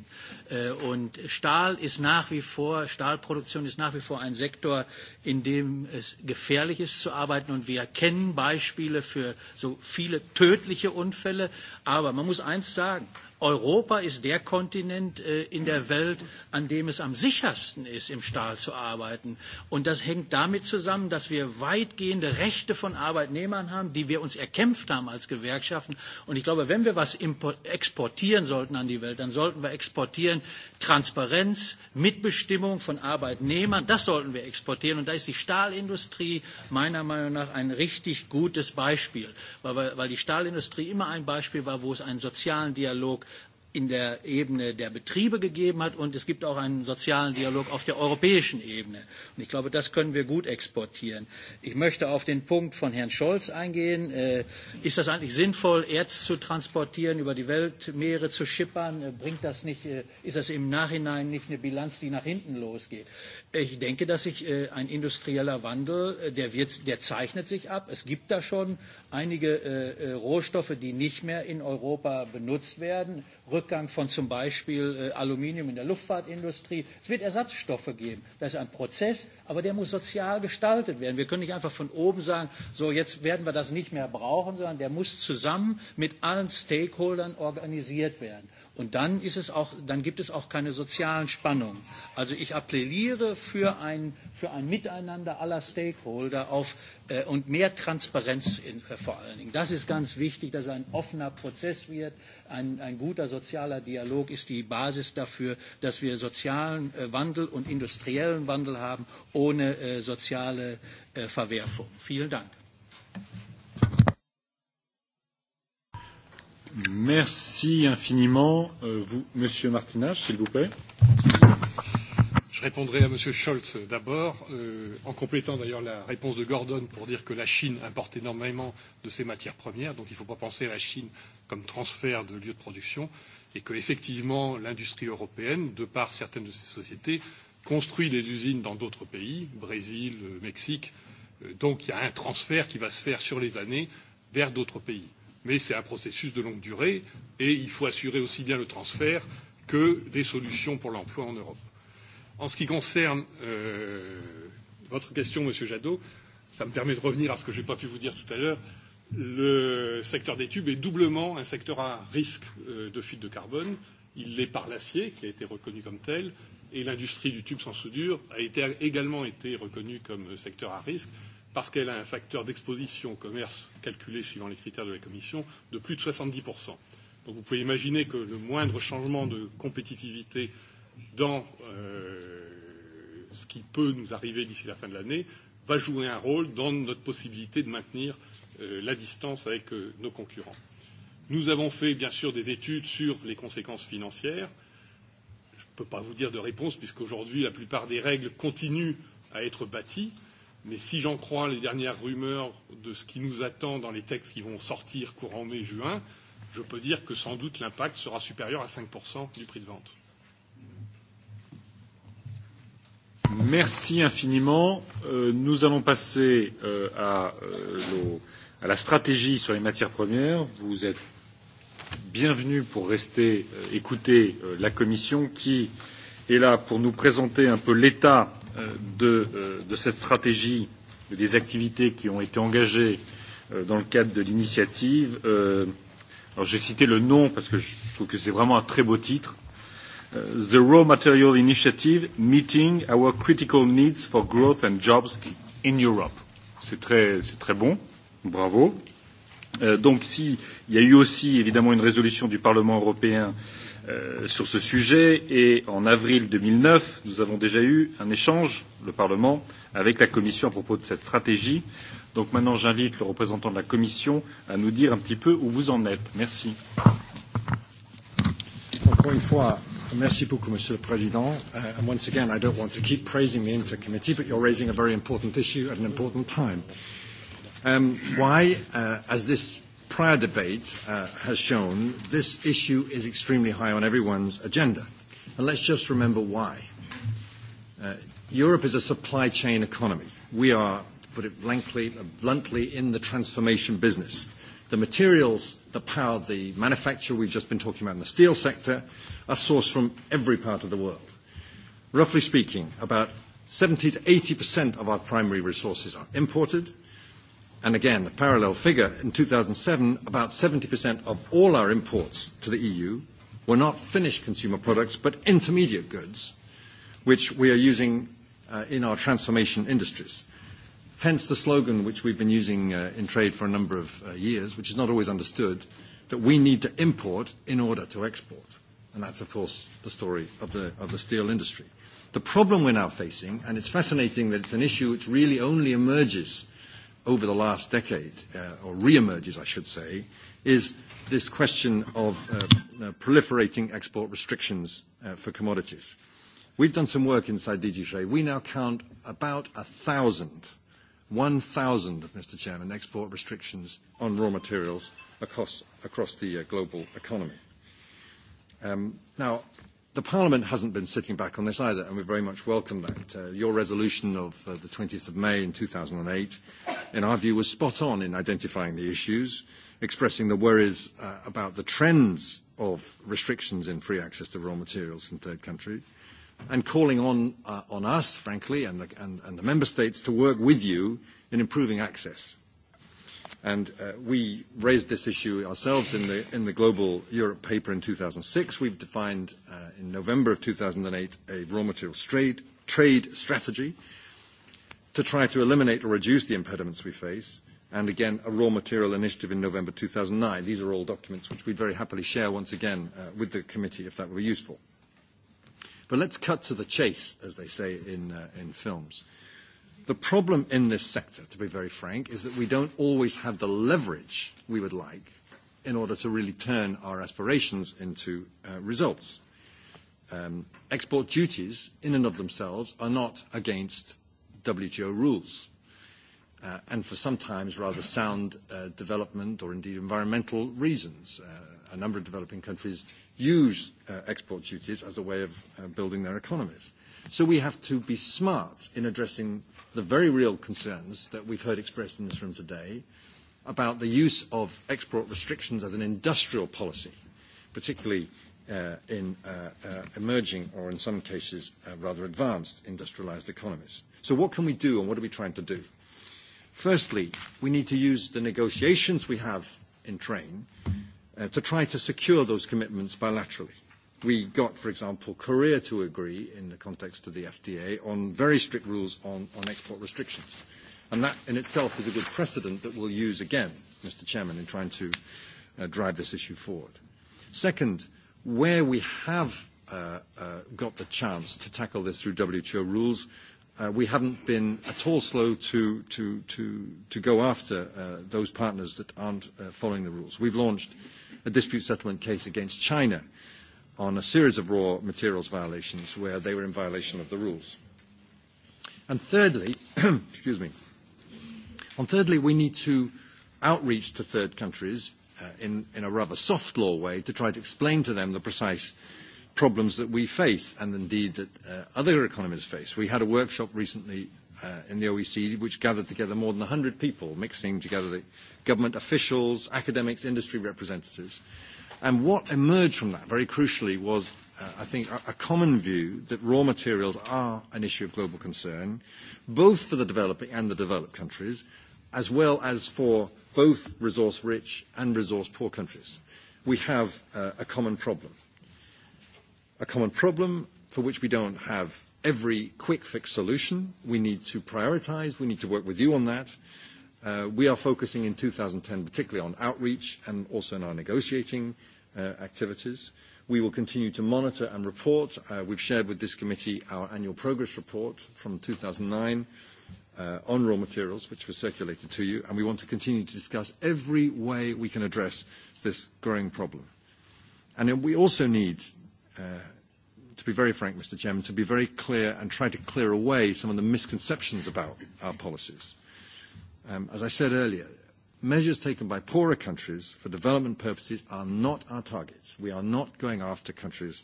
Und Stahl ist nach wie vor, Stahlproduktion ist nach wie vor ein Sektor, in dem es gefährlich ist zu arbeiten. Und wir kennen Beispiele für so so viele tödliche Unfälle. Aber man muss eins sagen, Europa ist der Kontinent äh, in der Welt, an dem es am sichersten ist, im Stahl zu arbeiten. Und das hängt damit zusammen, dass wir weitgehende Rechte von Arbeitnehmern haben, die wir uns erkämpft haben als Gewerkschaften. Und ich glaube, wenn wir was exportieren sollten an die Welt, dann sollten wir exportieren Transparenz, Mitbestimmung von Arbeitnehmern. Das sollten wir exportieren. Und da ist die Stahlindustrie meiner Meinung nach ein richtig gutes Beispiel, weil, weil die Stahlindustrie immer ein Beispiel war, wo es einen sozialen Dialog in der Ebene der Betriebe gegeben hat und es gibt auch einen sozialen Dialog auf der europäischen Ebene. Und ich glaube, das können wir gut exportieren. Ich möchte auf den Punkt von Herrn Scholz eingehen. Äh, ist das eigentlich sinnvoll, Erz zu transportieren, über die Weltmeere zu schippern? Äh, bringt das nicht, äh, ist das im Nachhinein nicht eine Bilanz, die nach hinten losgeht? Ich denke, dass sich äh, ein industrieller Wandel, äh, der, wird, der zeichnet sich ab. Es gibt da schon einige äh, äh, Rohstoffe, die nicht mehr in Europa benutzt werden. Rückgang von zum Beispiel äh, Aluminium in der Luftfahrtindustrie. Es wird Ersatzstoffe geben. Das ist ein Prozess, aber der muss sozial gestaltet werden. Wir können nicht einfach von oben sagen, so jetzt werden wir das nicht mehr brauchen, sondern der muss zusammen mit allen Stakeholdern organisiert werden. Und dann, ist es auch, dann gibt es auch keine sozialen Spannungen. Also ich appelliere für ein, für ein Miteinander aller Stakeholder auf, äh, und mehr Transparenz in, äh, vor allen Dingen. Das ist ganz wichtig, dass ein offener Prozess wird. Ein, ein guter sozialer Dialog ist die Basis dafür, dass wir sozialen äh, Wandel und industriellen Wandel haben, ohne äh, soziale äh, Verwerfung. Vielen Dank. Merci infiniment. Euh, vous, Monsieur Martinage, s'il vous plaît. Je répondrai à Monsieur Scholz d'abord, euh, en complétant d'ailleurs la réponse de Gordon pour dire que la Chine importe énormément de ses matières premières, donc il ne faut pas penser à la Chine comme transfert de lieu de production, et que effectivement l'industrie européenne, de par certaines de ses sociétés, construit des usines dans d'autres pays, Brésil, euh, Mexique, euh, donc il y a un transfert qui va se faire sur les années vers d'autres pays. Euh, mais c'est un processus de longue durée et il faut assurer aussi bien le transfert que des solutions pour l'emploi en Europe. En ce qui concerne euh, votre question, Monsieur Jadot, ça me permet de revenir à ce que je n'ai pas pu vous dire tout à l'heure. Le secteur des tubes est doublement un secteur à risque euh, de fuite de carbone. Il l'est par l'acier, qui a été reconnu comme tel, et l'industrie du tube sans soudure a été, a également été reconnue comme secteur à risque. Euh, parce qu'elle a un facteur d'exposition au commerce calculé suivant les critères de la Commission de plus de 70%. Donc vous pouvez imaginer que le moindre changement de compétitivité dans euh, ce qui peut nous arriver d'ici la fin de l'année va jouer un rôle dans notre possibilité de maintenir euh, la distance avec euh, nos concurrents. Nous avons fait bien sûr des études sur les conséquences financières. Je ne peux pas vous dire de réponse puisqu'aujourd'hui la plupart des règles continuent à être bâties. Euh, Mais si j'en crois les dernières rumeurs de ce qui nous attend dans les textes qui vont sortir courant mai-juin, je peux dire que sans doute l'impact sera supérieur à 5% du prix de vente. Merci infiniment. Euh, nous allons passer euh, à, euh, le, à la stratégie sur les matières premières. Vous êtes bienvenue pour rester euh, écouter euh, la Commission qui est là pour nous présenter un peu l'état Euh, de, euh, de cette stratégie, des activités qui ont été engagées euh, dans le cadre de l'initiative. Alors j'ai cité le nom parce que je trouve que c'est vraiment un très beau titre. The Raw Material Initiative Meeting Our Critical Needs for Growth and Jobs in Europe. C'est très, très bon. Bravo. Euh, donc s'il si, y a eu aussi évidemment une résolution du Parlement européen euh, euh, sur ce sujet et en avril 2009, nous avons déjà eu un échange, le Parlement, avec la Commission à propos de cette stratégie. Donc maintenant, j'invite le représentant de la Commission à nous dire un petit peu où vous en êtes. Merci. Encore une fois, Merci beaucoup, Monsieur le Président. Uh, and once again, I don't want to keep praising the Inter Committee, but you're raising a very important issue at an important time. Um, why, uh, as this prior debate uh, has shown, this issue is extremely high on everyone's agenda. And let's just remember why. Uh, Europe is a supply chain economy. We are, to put it blankly, bluntly, in the transformation business. The materials that power the manufacture we've just been talking about in the steel sector are sourced from every part of the world. Roughly speaking, about 70 to 80% of our primary resources are imported, And again, a parallel figure, in 2007, about 70% of all our imports to the EU were not finished consumer products, but intermediate goods, which we are using uh, in our transformation industries. Hence the slogan which we've been using uh, in trade for a number of uh, years, which is not always understood, that we need to import in order to export. And that's, of course, the story of the, of the steel industry. The problem we're now facing, and it's fascinating that it's an issue which really only emerges over the last decade, uh, or re-emerges, I should say, is this question of uh, uh, proliferating export restrictions uh, for commodities. We've done some work inside DG Trade. We now count about 1,000, 1,000, Mr. Chairman, export restrictions on raw materials across, across the uh, global economy. Um, now, The Parliament hasn't been sitting back on this either, and we very much welcome that. Uh, your resolution of uh, the 20th of May in 2008, in our view, was spot on in identifying the issues, expressing the worries uh, about the trends of restrictions in free access to raw materials in third countries, and calling on, uh, on us, frankly, and the, and, and the member states to work with you in improving access And uh, we raised this issue ourselves in the, in the Global Europe paper in 2006. We've defined uh, in November of 2008 a raw materials trade, trade strategy to try to eliminate or reduce the impediments we face and again a raw material initiative in November 2009. These are all documents which we'd very happily share once again uh, with the committee if that were useful. But let's cut to the chase, as they say in, uh, in films. Uh, The problem in this sector, to be very frank, is that we don't always have the leverage we would like in order to really turn our aspirations into uh, results. Um, export duties, in and of themselves, are not against WTO rules. Uh, and for sometimes rather sound uh, development or indeed environmental reasons. Uh, a number of developing countries use uh, export duties as a way of uh, building their economies. So we have to be smart in addressing the very real concerns that we've heard expressed in this room today about the use of export restrictions as an industrial policy, particularly uh, in uh, uh, emerging or in some cases uh, rather advanced industrialized economies. So what can we do and what are we trying to do? Firstly, we need to use the negotiations we have in train uh, to try to secure those commitments bilaterally we got, for example, Korea to agree in the context of the FTA on very strict rules on, on export restrictions. And that in itself is a good precedent that we'll use again, Mr. Chairman, in trying to uh, drive this issue forward. Second, where we have uh, uh, got the chance to tackle this through WTO rules, uh, we haven't been at all slow to, to, to, to go after uh, those partners that aren't uh, following the rules. We've launched a dispute settlement case against China uh, on a series of raw materials violations where they were in violation of the rules. And thirdly, excuse me, and thirdly, we need to outreach to third countries uh, in, in a rather soft law way to try to explain to them the precise problems that we face and indeed that uh, other economies face. We had a workshop recently uh, in the OECD which gathered together more than 100 people, mixing together the government officials, academics, industry representatives. Uh, And what emerged from that, very crucially, was, uh, I think, a, a common view that raw materials are an issue of global concern, both for the developing and the developed countries, as well as for both resource-rich and resource-poor countries. We have uh, a common problem. A common problem for which we don't have every quick fix solution. We need to prioritize. We need to work with you on that. Uh, we are focusing in 2010 particularly on outreach and also in our negotiating uh, activities. We will continue to monitor and report. Uh, we've shared with this committee our annual progress report from 2009 uh, on raw materials, which was circulated to you, and we want to continue to discuss every way we can address this growing problem. And then we also need, uh, to be very frank, Mr. Chairman, to be very clear and try to clear away some of the misconceptions about our policies. Uh, Um, as I said earlier, measures taken by poorer countries for development purposes are not our targets. We are not going after countries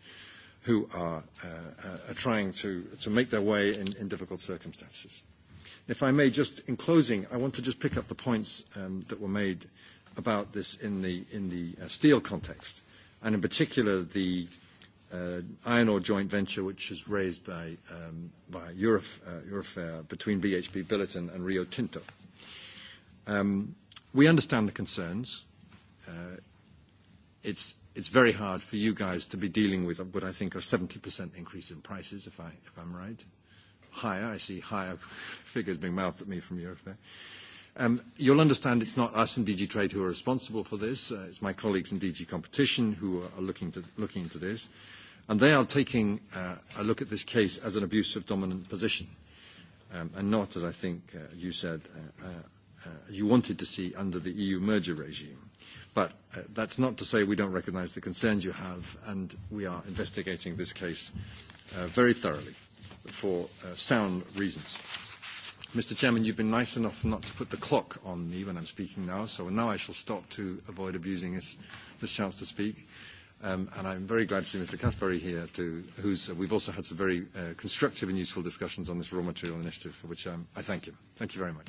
who are, uh, uh, are trying to, to make their way in, in difficult circumstances. If I may, just in closing, I want to just pick up the points um, that were made about this in the, in the uh, steel context, and in particular, the uh, iron ore joint venture, which is raised by, um, by Eurof, uh, Eurofer between BHP Billiton and Rio Tinto. Um, we understand the concerns. Uh, it's, it's very hard for you guys to be dealing with what I think are 70% increase in prices, if, I, if I'm right. Higher, I see higher figures being mouthed at me from Europe there. Um, you'll understand it's not us in DG Trade who are responsible for this. Uh, it's my colleagues in DG Competition who are looking, to, looking into this. And they are taking uh, a look at this case as an abuse of dominant position um, and not, as I think uh, you said, uh, uh uh, you wanted to see under the EU merger regime. But uh, that's not to say we don't recognize the concerns you have, and we are investigating this case uh, very thoroughly for uh, sound reasons. Mr. Chairman, you've been nice enough not to put the clock on me when I'm speaking now, so now I shall stop to avoid abusing this, this chance to speak. Um, and I'm very glad to see Mr. Caspary here, to, who's, uh, we've also had some very uh, constructive and useful discussions on this raw material initiative, for which um, I thank him. Thank you very much.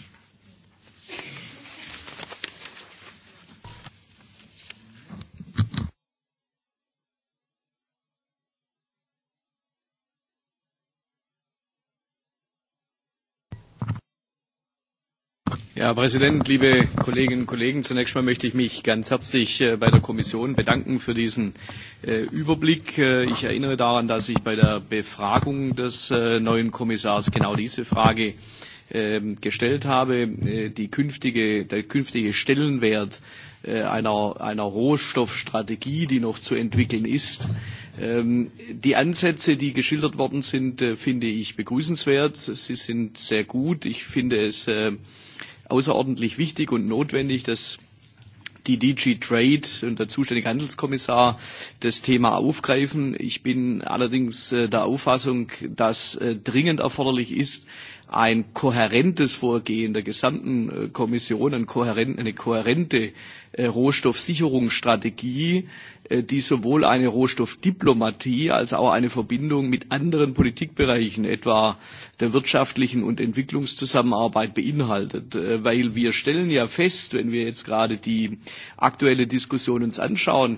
Ja, Herr Präsident, liebe Kolleginnen und Kollegen! Zunächst einmal möchte ich mich ganz herzlich äh, bei der Kommission bedanken für diesen äh, Überblick. Äh, ich erinnere daran, dass ich bei der Befragung des äh, neuen Kommissars genau diese Frage ähm, gestellt habe. Äh, die künftige, der künftige Stellenwert äh, einer, einer Rohstoffstrategie, die noch zu entwickeln ist. Ähm, die Ansätze, die geschildert worden sind, äh, finde ich begrüßenswert. Sie sind sehr gut. Ich finde es äh, außerordentlich wichtig und notwendig, dass die DG Trade und der zuständige Handelskommissar das Thema aufgreifen. Ich bin allerdings äh, der Auffassung, dass äh, dringend erforderlich ist, ein kohärentes Vorgehen der gesamten äh, Kommission, eine kohärente, eine äh, kohärente Rohstoffsicherungsstrategie, äh, die sowohl eine Rohstoffdiplomatie als auch eine Verbindung mit anderen Politikbereichen, etwa der wirtschaftlichen und Entwicklungszusammenarbeit, beinhaltet. Weil wir stellen ja fest, wenn wir jetzt gerade die aktuelle Diskussion uns anschauen,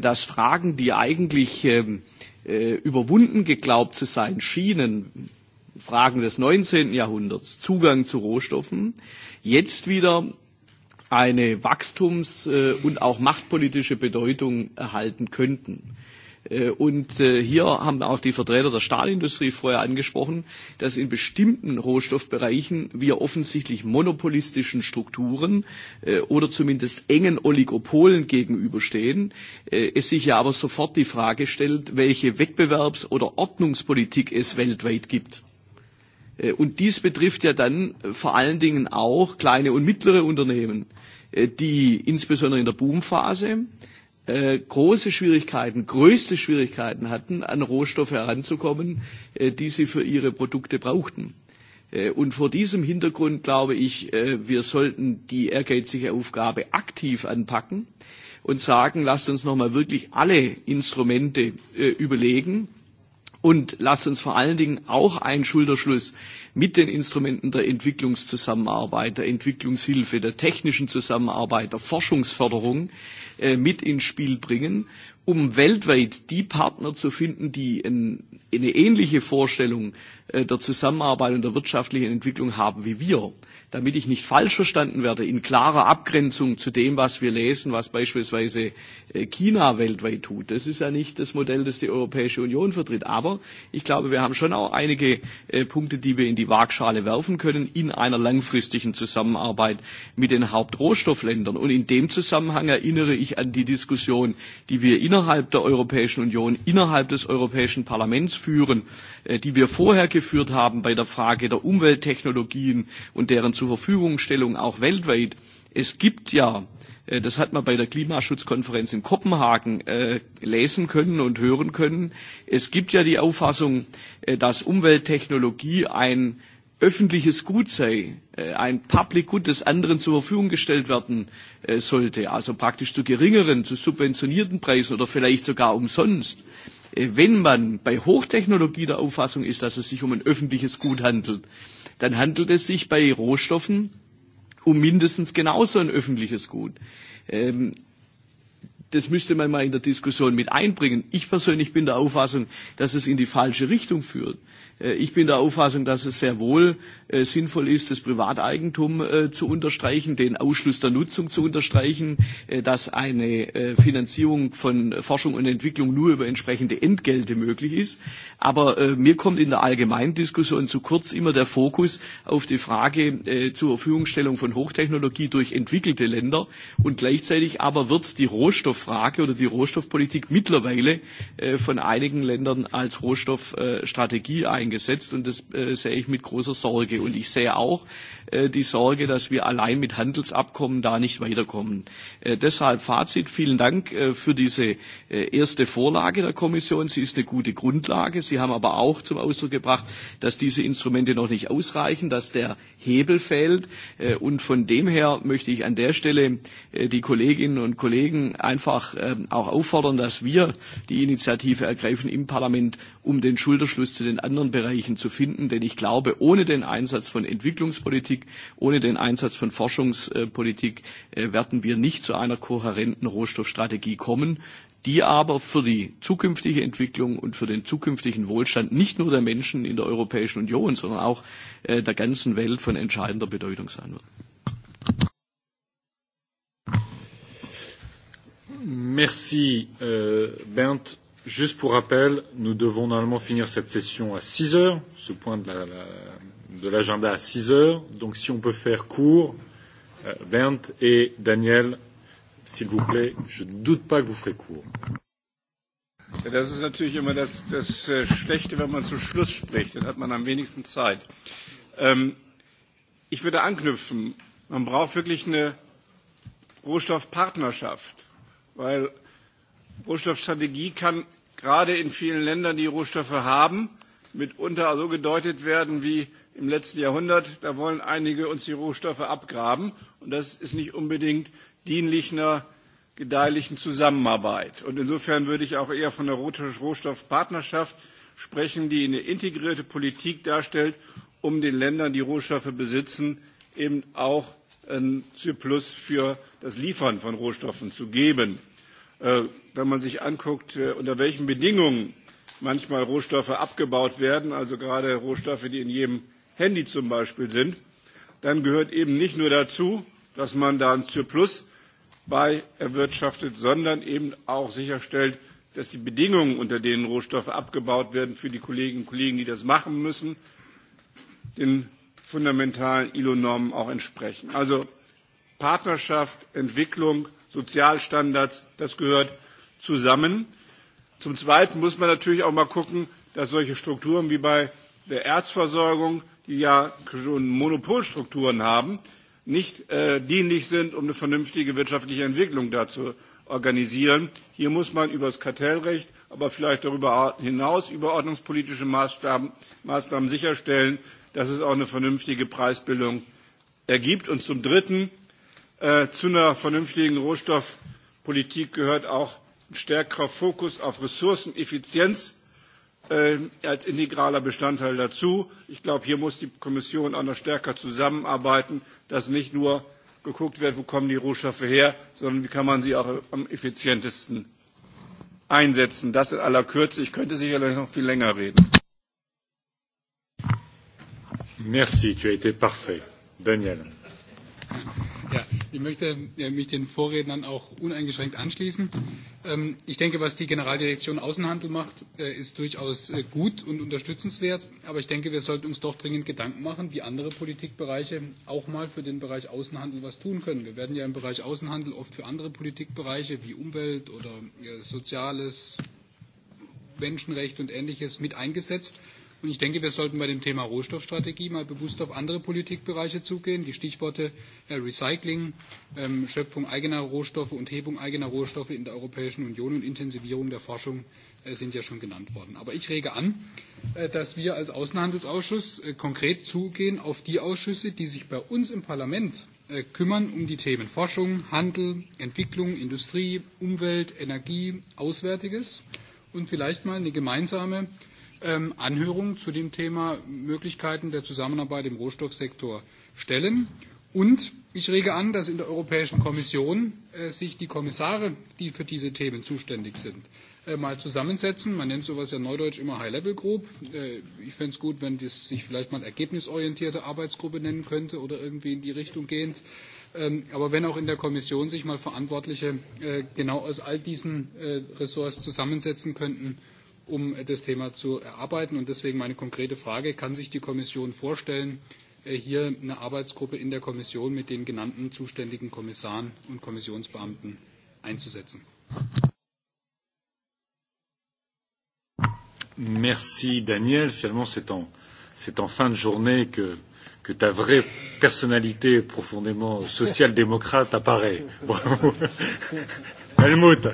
dass Fragen, die eigentlich ähm, überwunden geglaubt zu sein schienen, Fragen des 19. Jahrhunderts, Zugang zu Rohstoffen, jetzt wieder eine wachstums- äh, und auch machtpolitische Bedeutung erhalten könnten. Äh, und äh, hier haben auch die Vertreter der Stahlindustrie vorher angesprochen, dass in bestimmten Rohstoffbereichen wir offensichtlich monopolistischen Strukturen oder zumindest engen Oligopolen gegenüberstehen. Es sich ja aber sofort die Frage stellt, welche Wettbewerbs- oder Ordnungspolitik es weltweit gibt. Äh, und dies betrifft ja dann äh, vor allen Dingen auch kleine und mittlere Unternehmen, äh, die insbesondere in der Boomphase große Schwierigkeiten, größte Schwierigkeiten hatten, an Rohstoffe heranzukommen, die sie für ihre Produkte brauchten. Und vor diesem Hintergrund glaube ich, wir sollten die ehrgeizige Aufgabe aktiv anpacken und sagen, lasst uns nochmal wirklich alle Instrumente überlegen, Und lasst uns vor allen Dingen auch einen Schulterschluss mit den Instrumenten der Entwicklungszusammenarbeit, der Entwicklungshilfe, der technischen Zusammenarbeit, der Forschungsförderung äh, mit ins Spiel bringen, um weltweit die Partner zu finden, die ein, eine ähnliche Vorstellung äh, der Zusammenarbeit und der wirtschaftlichen Entwicklung haben wie wir damit ich nicht falsch verstanden werde, in klarer Abgrenzung zu dem, was wir lesen, was beispielsweise äh, China weltweit tut. Das ist ja nicht das Modell, das die Europäische Union vertritt. Aber ich glaube, wir haben schon auch einige äh, Punkte, die wir in die Waagschale werfen können, in einer langfristigen Zusammenarbeit mit den Hauptrohstoffländern. Und in dem Zusammenhang erinnere ich an die Diskussion, die wir innerhalb der Europäischen Union, innerhalb des Europäischen Parlaments führen, äh, die wir vorher geführt haben bei der Frage der Umwelttechnologien und deren Zukunft zur Verfügungstellung auch weltweit. Es gibt ja, äh, das hat man bei der Klimaschutzkonferenz in Kopenhagen äh, lesen können und hören können, es gibt ja die Auffassung, äh, dass Umwelttechnologie ein öffentliches Gut sei, äh, ein Public Good des anderen zur Verfügung gestellt werden sollte, also praktisch zu geringeren, zu subventionierten Preisen oder vielleicht sogar umsonst. Wenn man bei Hochtechnologie der Auffassung ist, dass es sich um ein öffentliches Gut handelt, dann handelt es sich bei Rohstoffen um mindestens genauso ein öffentliches Gut. Ähm, Das müsste man mal in der Diskussion mit einbringen. Ich persönlich bin der Auffassung, dass es in die falsche Richtung führt. Äh, ich bin der Auffassung, dass es sehr wohl äh, sinnvoll ist, das Privateigentum äh, zu unterstreichen, den Ausschluss der Nutzung zu unterstreichen, dass eine Finanzierung von Forschung und Entwicklung nur über entsprechende Entgelte möglich ist. Aber mir kommt in der allgemeinen Diskussion zu kurz immer der Fokus auf die Frage zur Verfügungstellung von Hochtechnologie durch entwickelte Länder und gleichzeitig aber wird die Rohstoff Rohstofffrage oder die Rohstoffpolitik mittlerweile äh, von einigen Ländern als Rohstoffstrategie äh, eingesetzt. Und das äh, sehe ich mit großer Sorge. Und ich sehe auch äh, die Sorge, dass wir allein mit Handelsabkommen da nicht weiterkommen. Äh, deshalb Fazit. Vielen Dank äh, für diese äh, erste Vorlage der Kommission. Sie ist eine gute Grundlage. Sie haben aber auch zum Ausdruck gebracht, dass diese Instrumente noch nicht ausreichen, dass der Hebel fehlt. Äh, und von dem her möchte ich an der Stelle äh, die Kolleginnen und Kollegen einfach einfach ähm, auch auffordern, dass wir die Initiative ergreifen im Parlament, um den Schulterschluss zu den anderen Bereichen zu finden. Denn ich glaube, ohne den Einsatz von Entwicklungspolitik, ohne den Einsatz von Forschungspolitik äh, werden wir nicht zu einer kohärenten Rohstoffstrategie kommen die aber für die zukünftige Entwicklung und für den zukünftigen Wohlstand nicht nur der Menschen in der Europäischen Union, sondern auch äh, der ganzen Welt von entscheidender Bedeutung sein wird. Merci euh, Bernd. Juste pour rappel, nous devons normalement finir cette session à 6 heures, ce point de l'agenda la, de l'agenda à 6 heures. Donc si on peut faire court, euh, Bernd et Daniel, s'il vous plaît, je ne doute pas que vous ferez court. Ja, das ist natürlich immer das, das äh, Schlechte, wenn man zu Schluss spricht. Dann hat man am wenigsten Zeit. Ähm, ich würde anknüpfen. Man braucht wirklich eine Rohstoffpartnerschaft weil Rohstoffstrategie kann gerade in vielen Ländern, die Rohstoffe haben, mitunter so gedeutet werden wie im letzten Jahrhundert. Da wollen einige uns die Rohstoffe abgraben. Und das ist nicht unbedingt dienlich einer gedeihlichen Zusammenarbeit. Und insofern würde ich auch eher von einer Rohstoffpartnerschaft sprechen, die eine integrierte Politik darstellt, um den Ländern, die Rohstoffe besitzen, eben auch einen Zyklus für das Liefern von Rohstoffen zu geben. Äh, wenn man sich anguckt, äh, unter welchen Bedingungen manchmal Rohstoffe abgebaut werden, also gerade Rohstoffe, die in jedem Handy zum Beispiel sind, dann gehört eben nicht nur dazu, dass man da einen Surplus bei erwirtschaftet, sondern eben auch sicherstellt, dass die Bedingungen, unter denen Rohstoffe abgebaut werden, für die Kolleginnen und Kollegen, die das machen müssen, den fundamentalen ILO-Normen auch entsprechen. Also Partnerschaft, Entwicklung, Sozialstandards, das gehört zusammen. Zum Zweiten muss man natürlich auch mal gucken, dass solche Strukturen wie bei der Erzversorgung, die ja schon Monopolstrukturen haben, nicht äh, dienlich sind, um eine vernünftige wirtschaftliche Entwicklung da zu organisieren. Hier muss man über das Kartellrecht, aber vielleicht darüber hinaus über ordnungspolitische Maßnahmen, Maßnahmen sicherstellen, dass es auch eine vernünftige Preisbildung ergibt. Und zum Dritten Äh, zu einer vernünftigen Rohstoffpolitik gehört auch ein stärkerer Fokus auf Ressourceneffizienz äh, als integraler Bestandteil dazu. Ich glaube, hier muss die Kommission auch noch stärker zusammenarbeiten, dass nicht nur geguckt wird, wo kommen die Rohstoffe her, sondern wie kann man sie auch am effizientesten einsetzen. Das in aller Kürze. Ich könnte sicherlich noch viel länger reden. Merci, tu as été parfait. Daniel. Ja, ich möchte äh, mich den Vorrednern auch uneingeschränkt anschließen. Ähm, ich denke, was die Generaldirektion Außenhandel macht, äh, ist durchaus äh, gut und unterstützenswert. Aber ich denke, wir sollten uns doch dringend Gedanken machen, wie andere Politikbereiche auch mal für den Bereich Außenhandel was tun können. Wir werden ja im Bereich Außenhandel oft für andere Politikbereiche wie Umwelt oder Soziales, Menschenrecht und Ähnliches mit eingesetzt. Und ich denke, wir sollten bei dem Thema Rohstoffstrategie mal bewusst auf andere Politikbereiche zugehen. Die Stichworte äh, Recycling, ähm, Schöpfung eigener Rohstoffe und Hebung eigener Rohstoffe in der Europäischen Union und Intensivierung der Forschung äh, sind ja schon genannt worden. Aber ich rege an, äh, dass wir als Außenhandelsausschuss äh, konkret zugehen auf die Ausschüsse, die sich bei uns im Parlament äh, kümmern um die Themen Forschung, Handel, Entwicklung, Industrie, Umwelt, Energie, Auswärtiges und vielleicht mal eine gemeinsame ähm, Anhörungen zu dem Thema Möglichkeiten der Zusammenarbeit im Rohstoffsektor stellen. Und ich rege an, dass in der Europäischen Kommission äh, sich die Kommissare, die für diese Themen zuständig sind, äh, mal zusammensetzen. Man nennt sowas ja neudeutsch immer High-Level-Group. Äh, ich fände es gut, wenn das sich vielleicht mal ergebnisorientierte Arbeitsgruppe nennen könnte oder irgendwie in die Richtung gehend. Ähm, aber wenn auch in der Kommission sich mal Verantwortliche äh, genau aus all diesen äh, Ressorts zusammensetzen könnten, äh, um das Thema zu erarbeiten. Und deswegen meine konkrete Frage, kann sich die Kommission vorstellen, äh, hier eine Arbeitsgruppe in der Kommission mit den genannten zuständigen Kommissaren und Kommissionsbeamten einzusetzen? Merci Daniel. Finalement, c'est en, c'est en fin de journée que, que ta vraie personnalité profondément social-démocrate apparaît. Bravo. Helmut.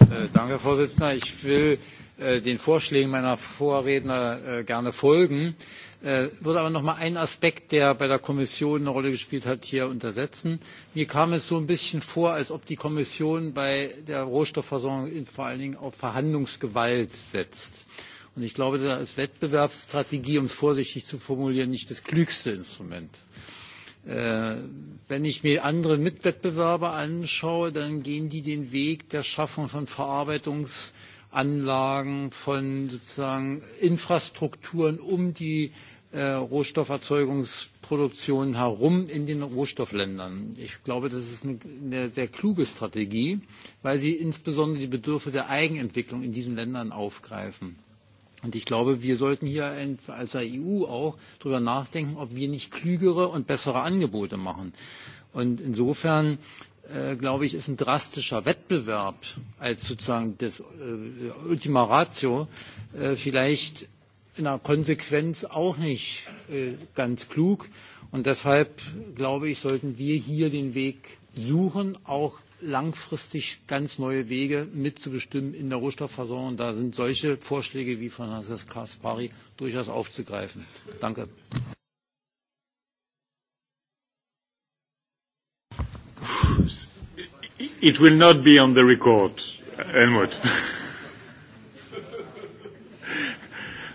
Äh, danke, Herr Vorsitzender. Ich will äh, den Vorschlägen meiner Vorredner äh, gerne folgen, äh, würde aber noch mal einen Aspekt, der bei der Kommission eine Rolle gespielt hat, hier untersetzen. Mir kam es so ein bisschen vor, als ob die Kommission bei der Rohstoffversorgung vor allen Dingen auf Verhandlungsgewalt setzt. Und ich glaube, da ist Wettbewerbsstrategie, um es vorsichtig zu formulieren, nicht das klügste Instrument. Äh, Äh, wenn ich mir andere Mitwettbewerber anschaue, dann gehen die den Weg der Schaffung von Verarbeitungsanlagen, von sozusagen Infrastrukturen um die äh, Rohstofferzeugungsproduktion herum in den Rohstoffländern. Ich glaube, das ist eine, eine sehr kluge Strategie, weil sie insbesondere die Bedürfe der Eigenentwicklung in diesen Ländern aufgreifen. Und ich glaube, wir sollten hier als EU auch darüber nachdenken, ob wir nicht klügere und bessere Angebote machen. Und insofern äh, glaube ich, ist ein drastischer Wettbewerb als sozusagen das äh, Ultima Ratio äh, vielleicht in der Konsequenz auch nicht äh, ganz klug. Und deshalb glaube ich, sollten wir hier den Weg suchen, auch langfristig ganz neue Wege mitzubestimmen in der Rohstoffversorgung. Da sind solche Vorschläge wie von Herrn Kaspari durchaus aufzugreifen. Danke. It will not be on the record, Helmut.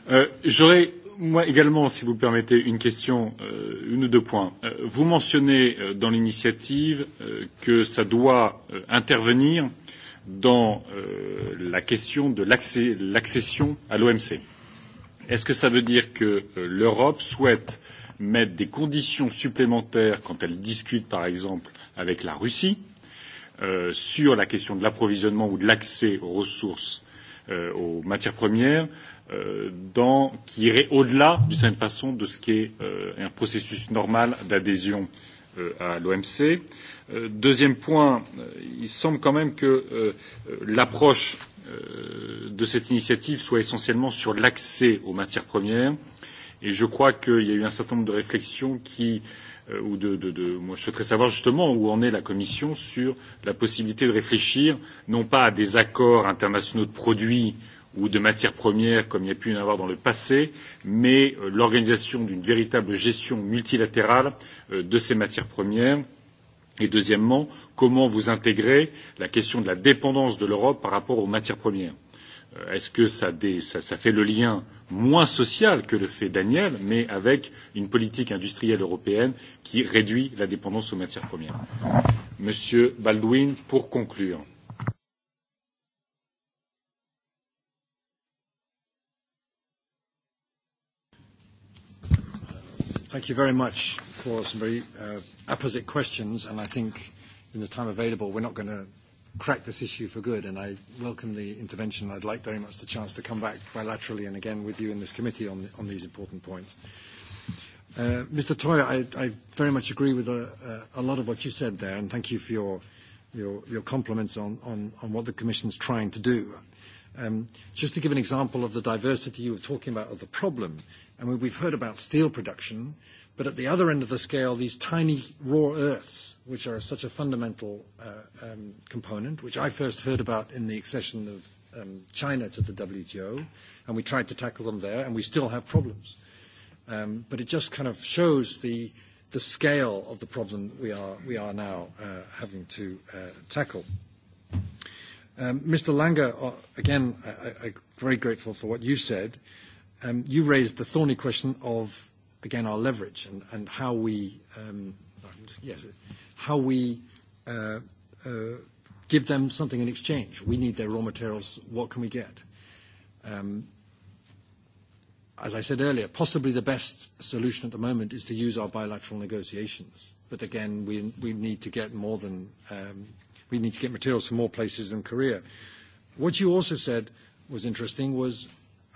euh, J'aurais moi également, si vous me permettez, une question, euh, une ou deux points. Euh, vous mentionnez euh, dans l'initiative euh, que ça doit euh, intervenir dans euh, la question de l'accession à l'OMC. Est-ce que ça veut dire que euh, l'Europe souhaite mettre des conditions supplémentaires quand elle discute, par exemple, avec la Russie euh, sur la question de l'approvisionnement ou de l'accès aux ressources, euh, aux matières premières, euh, Euh, dans, qui irait au-delà, d'une certaine façon, de ce qui est euh, un processus normal d'adhésion euh, à l'OMC. Euh, deuxième point, euh, il semble quand même que euh, l'approche euh, de cette initiative soit essentiellement sur l'accès aux matières premières. Et je crois qu'il y a eu un certain nombre de réflexions qui, euh, ou de, de, de, moi je souhaiterais savoir justement où en est la Commission sur la possibilité de réfléchir non pas à des accords internationaux de produits euh, ou de matières premières comme il y a pu y en avoir dans le passé, mais euh, l'organisation d'une véritable gestion multilatérale euh, de ces matières premières. Et deuxièmement, comment vous intégrez la question de la dépendance de l'Europe par rapport aux matières premières euh, Est-ce que ça, dé, ça, ça fait le lien moins social que le fait Daniel, mais avec une politique industrielle européenne qui réduit la dépendance aux matières premières Monsieur Baldwin, pour conclure. Euh, Thank you very much for some very uh, apposite questions, and I think in the time available, we're not going to crack this issue for good, and I welcome the intervention. I'd like very much the chance to come back bilaterally and again with you in this committee on, on these important points. Uh, Mr. Toyer, I, I very much agree with a, uh, uh, a lot of what you said there, and thank you for your, your, your compliments on, on, on what the Commission's trying to do. Um, just to give an example of the diversity you were talking about of the problem, And we've heard about steel production, but at the other end of the scale, these tiny raw earths, which are such a fundamental uh, um, component, which I first heard about in the accession of um, China to the WTO, and we tried to tackle them there, and we still have problems. Um, but it just kind of shows the, the scale of the problem we are, we are now uh, having to uh, tackle. Um, Mr. Langer, uh, again, I, I'm very grateful for what you said. Uh, Um, you raised the thorny question of, again, our leverage and, and how we, um, yes, how we uh, uh, give them something in exchange. We need their raw materials. What can we get? Um, as I said earlier, possibly the best solution at the moment is to use our bilateral negotiations. But again, we, we need to get more than um, we need to get materials from more places than Korea. What you also said was interesting was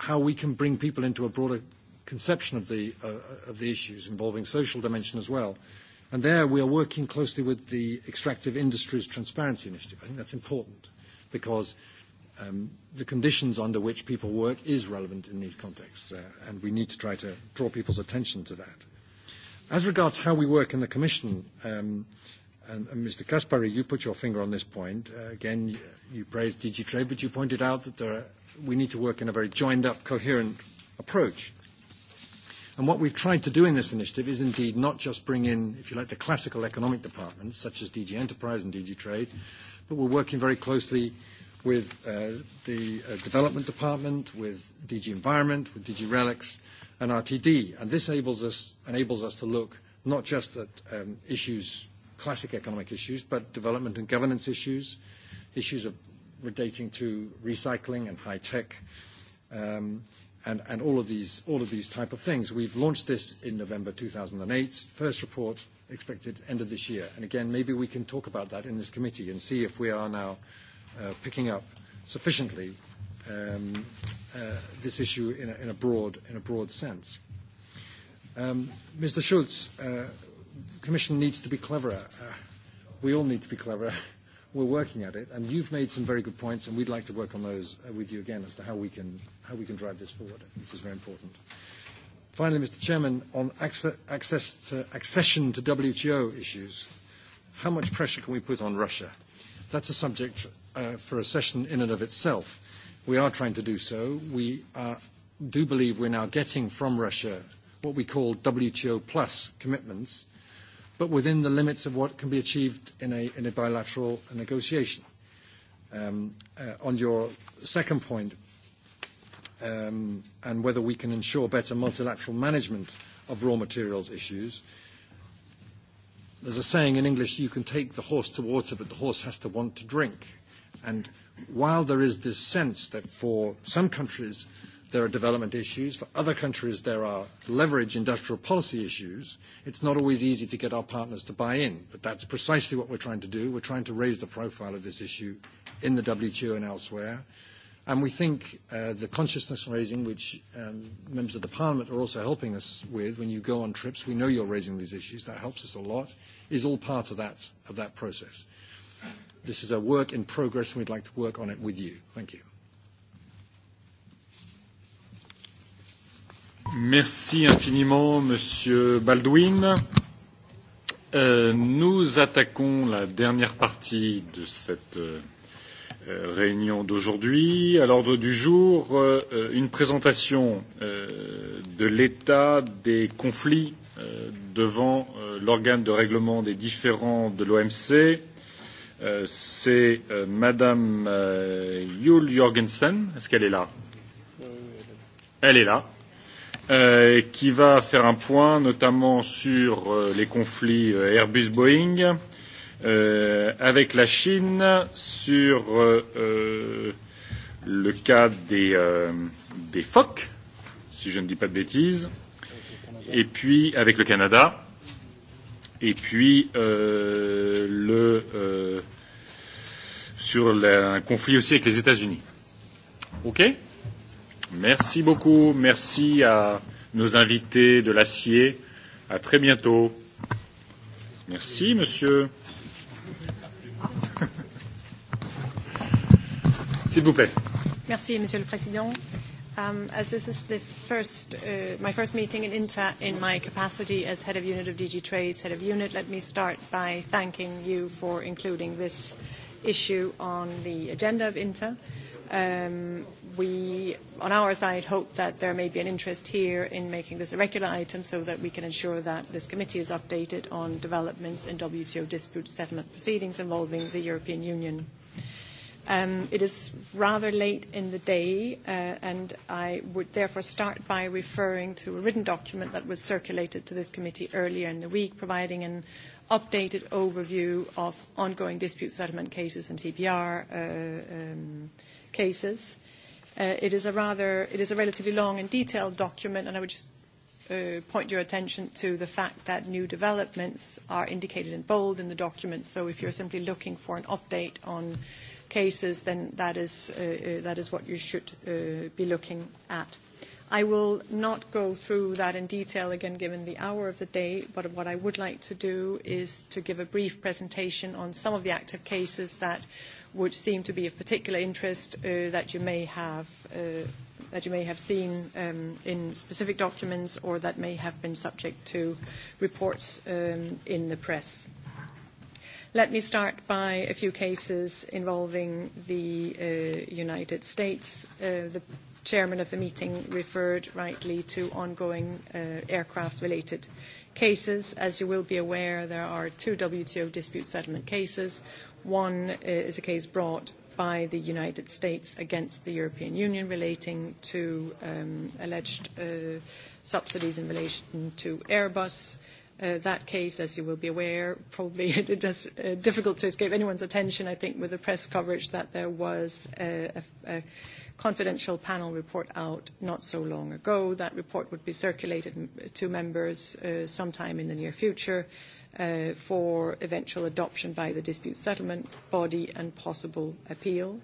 how we can bring people into a broader conception of the, uh, of the issues involving social dimension as well. And there we are working closely with the Extractive Industries Transparency Initiative. I think that's important because um, the conditions under which people work is relevant in these contexts, uh, and we need to try to draw people's attention to that. As regards how we work in the Commission, um, and, and Mr. Caspary, you put your finger on this point. Uh, again, you praised DG Trade, but you pointed out that there are we need to work in a very joined up, coherent approach. And what we've tried to do in this initiative is indeed not just bring in, if you like, the classical economic departments, such as DG Enterprise and DG Trade, but we're working very closely with uh, the uh, development department, with DG Environment, with DG Relics, and RTD. And this enables us, enables us to look not just at um, issues, classic economic issues, but development and governance issues, issues of relating to recycling and high tech, um, and, and all of these, all of these type of things. We've launched this in November 2008. First report expected end of this year. And again, maybe we can talk about that in this committee and see if we are now uh, picking up sufficiently um, uh, this issue in a, in a broad, in a broad sense. Um, Mr. Schulz, uh, Commission needs to be cleverer. Uh, we all need to be cleverer We're working at it, and you've made some very good points, and we'd like to work on those uh, with you again as to how we can, how we can drive this forward. I think this is very important. Finally, Mr. Chairman, on access, access to accession to WTO issues, how much pressure can we put on Russia? That's a subject uh, for a session in and of itself. We are trying to do so. We uh, do believe we're now getting from Russia what we call WTO plus commitments, but within the limits of what can be achieved in a, in a bilateral negotiation. Um, uh, on your second point, um, and whether we can ensure better multilateral management of raw materials issues, there's a saying in English, you can take the horse to water, but the horse has to want to drink. And while there is this sense that for some countries, uh, There are development issues. For other countries, there are leverage industrial policy issues. It's not always easy to get our partners to buy in, but that's precisely what we're trying to do. We're trying to raise the profile of this issue in the WTO and elsewhere. And we think uh, the consciousness raising, which um, members of the parliament are also helping us with, when you go on trips, we know you're raising these issues. That helps us a lot. Is all part of that of that process. This is a work in progress, and we'd like to work on it with you. Thank you. Merci infiniment, Monsieur Baldwin. Euh, nous attaquons la dernière partie de cette euh, réunion d'aujourd'hui. À l'ordre du jour, euh, une présentation euh, de l'état des conflits euh, devant euh, l'organe de règlement des différends de l'OMC. Euh, C'est euh, Madame euh, Jule Jorgensen. Est-ce qu'elle est là Elle est là euh, qui va faire un point notamment sur euh, les conflits euh, Airbus-Boeing euh, avec la Chine, sur euh, euh, le cas des, euh, des phoques, si je ne dis pas de bêtises, et puis avec le Canada, et puis euh, le, euh, sur la, un conflit aussi avec les États-Unis. OK euh, Merci beaucoup. Merci à nos invités de l'acier. À très bientôt. Merci, monsieur. S'il vous plaît. Merci, monsieur le président. Um, as this is the first, uh, my first meeting in INTA in my capacity as head of unit of DG Trades, head of unit, let me start by thanking you for including this issue on the agenda of INTA. Um, we, on our side, hope that there may be an interest here in making this a regular item so that we can ensure that this committee is updated on developments in WTO dispute settlement proceedings involving the European Union. Um, it is rather late in the day, uh, and I would therefore start by referring to a written document that was circulated to this committee earlier in the week, providing an updated overview of ongoing dispute settlement cases and TPR uh, um, cases. Uh, it is a rather, it is a relatively long and detailed document, and I would just uh, point your attention to the fact that new developments are indicated in bold in the document. So if you're simply looking for an update on cases, then that is, uh, uh, that is what you should uh, be looking at. I will not go through that in detail again, given the hour of the day, but what I would like to do is to give a brief presentation on some of the active cases that would seem to be of particular interest uh, that you may have uh, that you may have seen um, in specific documents or that may have been subject to reports um, in the press. Let me start by a few cases involving the uh, United States. Uh, the chairman of the meeting referred rightly to ongoing uh, aircraft-related cases. As you will be aware, there are two WTO dispute settlement cases, One uh, is a case brought by the United States against the European Union relating to um, alleged uh, subsidies in relation to Airbus. Uh, that case, as you will be aware, probably it is uh, difficult to escape anyone's attention, I think, with the press coverage that there was a, uh, a, a confidential panel report out not so long ago. That report would be circulated to members uh, sometime in the near future. Uh, uh, for eventual adoption by the dispute settlement body and possible appeal.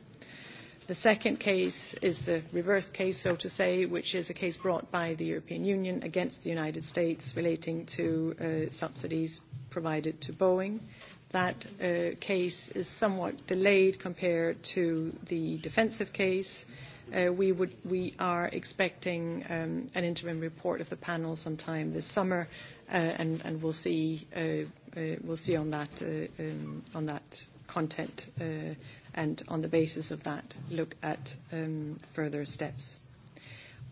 The second case is the reverse case, so to say, which is a case brought by the European Union against the United States relating to uh, subsidies provided to Boeing. That uh, case is somewhat delayed compared to the defensive case. Uh, we, would, we are expecting um, an interim report of the panel sometime this summer, Uh, and, and we'll see, uh, uh, we'll see on that, uh, um, on that content, and on the basis of that, look at um, further steps.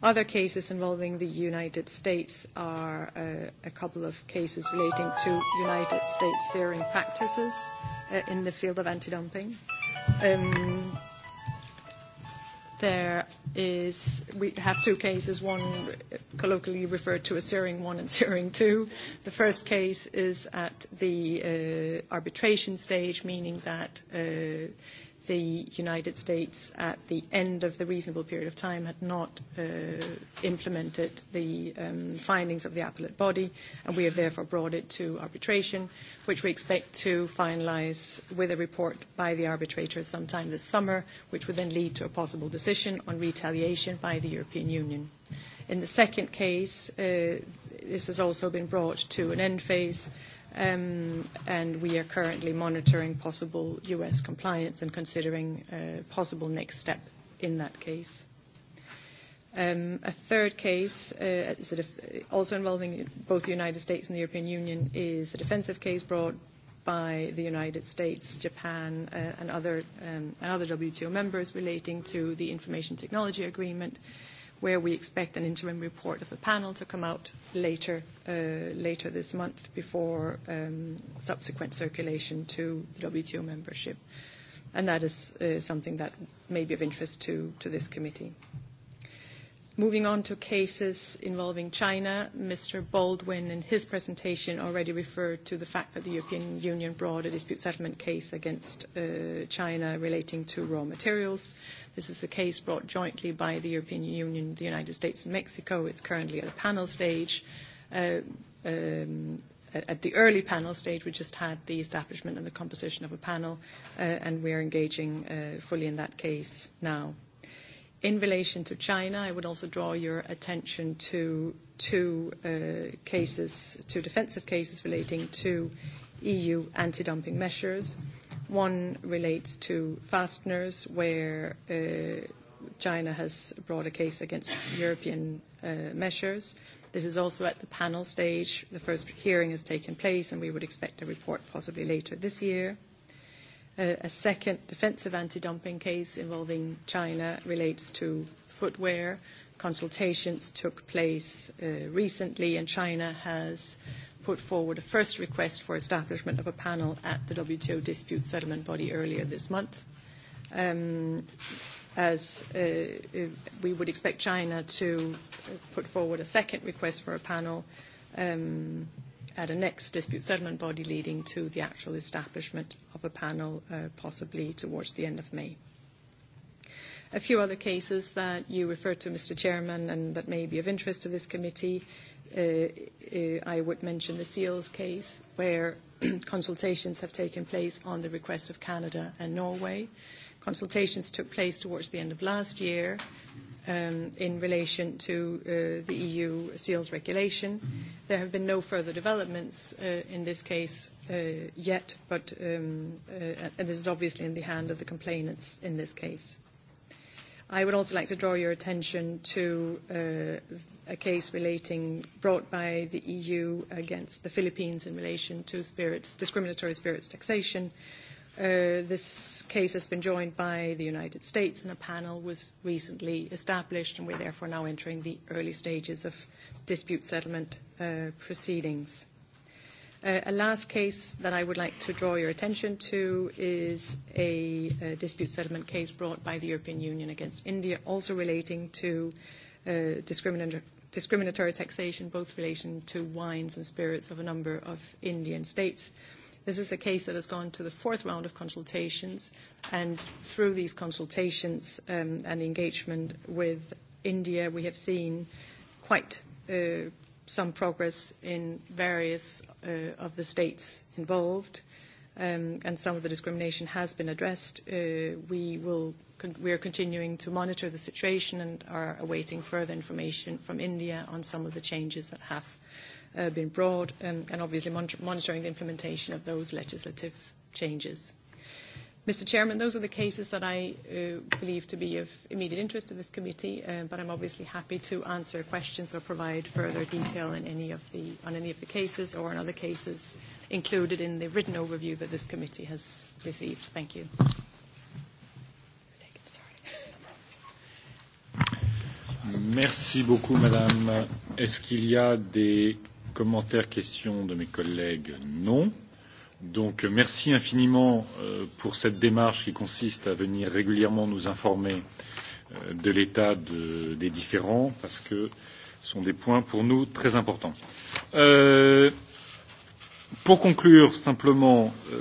Other cases involving the United States are uh, a couple of cases relating to United States searing practices uh, in the field of anti-dumping. Um, there is we have two cases, one colloquially referred to as Searing 1 and Searing 2. The first case is at the uh, arbitration stage, meaning that uh, the United States, at the end of the reasonable period of time, had not uh, implemented the um, findings of the appellate body, and we have therefore brought it to arbitration. Uh, which we expect to finalize with a report by the arbitrator sometime this summer, which would then lead to a possible decision on retaliation by the European Union. In the second case, uh, this has also been brought to an end phase, um, and we are currently monitoring possible U.S. compliance and considering a uh, possible next step in that case. Um, a third case, uh, sort of also involving both the United States and the European Union, is a defensive case brought by the United States, Japan, uh, and, other, um, and other WTO members relating to the Information Technology Agreement, where we expect an interim report of the panel to come out later, uh, later this month before um, subsequent circulation to WTO membership. And that is uh, something that may be of interest to, to this committee. Uh, Moving on to cases involving China, Mr. Baldwin in his presentation already referred to the fact that the European Union brought a dispute settlement case against uh, China relating to raw materials. This is a case brought jointly by the European Union, the United States, and Mexico. It's currently at a panel stage. Uh, um, at the early panel stage, we just had the establishment and the composition of a panel, uh, and we're engaging uh, fully in that case now. In relation to China, I would also draw your attention to two uh, cases, two defensive cases relating to EU anti-dumping measures. One relates to fasteners, where uh, China has brought a case against European uh, measures. This is also at the panel stage. The first hearing has taken place, and we would expect a report possibly later this year a second defensive anti-dumping case involving China relates to footwear. Consultations took place uh, recently, and China has put forward a first request for establishment of a panel at the WTO dispute settlement body earlier this month. Um, as uh, we would expect China to put forward a second request for a panel um, at a next dispute settlement body leading to the actual establishment of a panel, uh, possibly towards the end of May. A few other cases that you referred to, Mr. Chairman, and that may be of interest to this committee. Uh, uh, I would mention the Seals case, where consultations have taken place on the request of Canada and Norway. Consultations took place towards the end of last year um, in relation to uh, the EU seals regulation. There have been no further developments uh, in this case uh, yet, but um, uh, and this is obviously in the hand of the complainants in this case. I would also like to draw your attention to uh, a case relating brought by the EU against the Philippines in relation to spirits, discriminatory spirits taxation. Uh, Uh, this case has been joined by the United States, and a panel was recently established, and we're therefore now entering the early stages of dispute settlement uh, proceedings. Uh, a last case that I would like to draw your attention to is a, a dispute settlement case brought by the European Union against India, also relating to uh, discriminatory, discriminatory taxation, both relation to wines and spirits of a number of Indian states. Uh, This is a case that has gone to the fourth round of consultations, and through these consultations um, and engagement with India, we have seen quite uh, some progress in various uh, of the states involved, um, and some of the discrimination has been addressed. Uh, we, will con- we are continuing to monitor the situation and are awaiting further information from India on some of the changes that have uh, been brought, um, and obviously mon- monitoring the implementation of those legislative changes. Mr. Chairman, those are the cases that I uh, believe to be of immediate interest to this committee, uh, but I'm obviously happy to answer questions or provide further detail in any of the, on any of the cases or on other cases included in the written overview that this committee has received. Thank you. Merci beaucoup, Madame. Est-ce qu'il y a des Commentaires, questions de mes collègues Non. Donc merci infiniment euh, pour cette démarche qui consiste à venir régulièrement nous informer euh, de l'état de, des différents, parce que ce sont des points pour nous très importants. Euh, pour conclure simplement euh,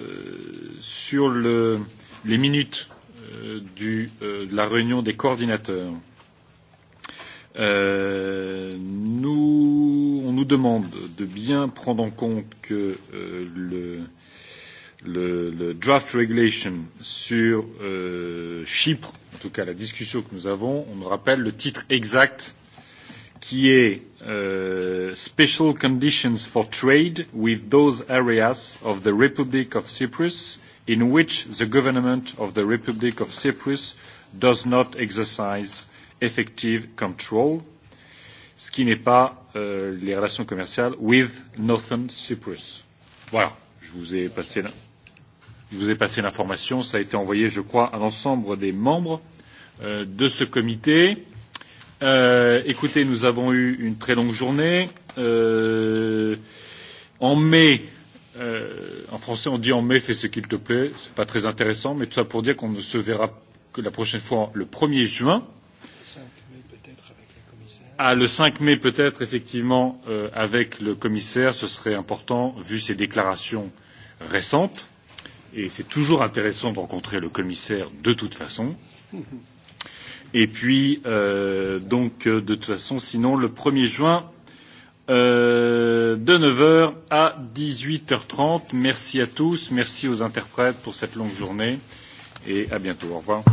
sur le, les minutes euh, du, euh, de la réunion des coordinateurs, euh, Euh, nous, on nous demande de bien prendre en compte que euh, le, le, le draft regulation sur euh, Chypre, en tout cas la discussion que nous avons, on nous rappelle le titre exact qui est euh, Special Conditions for Trade with those areas of the Republic of Cyprus in which the government of the Republic of Cyprus does not exercise effective control, ce qui n'est pas euh, les relations commerciales with Northern Cyprus. Voilà, je vous ai passé la... Je vous ai passé l'information, ça a été envoyé, je crois, à l'ensemble des membres euh, de ce comité. Euh, écoutez, nous avons eu une très longue journée. Euh, en mai, euh, en français, on dit en mai, fais ce qu'il te plaît. C'est pas très intéressant, mais tout ça pour dire qu'on ne se verra que la prochaine fois le 1er juin mai peut-être avec le commissaire. Ah, le 5 mai peut-être, effectivement, euh, avec le commissaire, ce serait important, vu ses déclarations récentes. Et c'est toujours intéressant de rencontrer le commissaire de toute façon. Et puis, euh, donc, euh, de toute façon, sinon, le 1er juin, euh, de 9h à 18h30. Merci à tous, merci aux interprètes pour cette longue journée et à bientôt. Au revoir.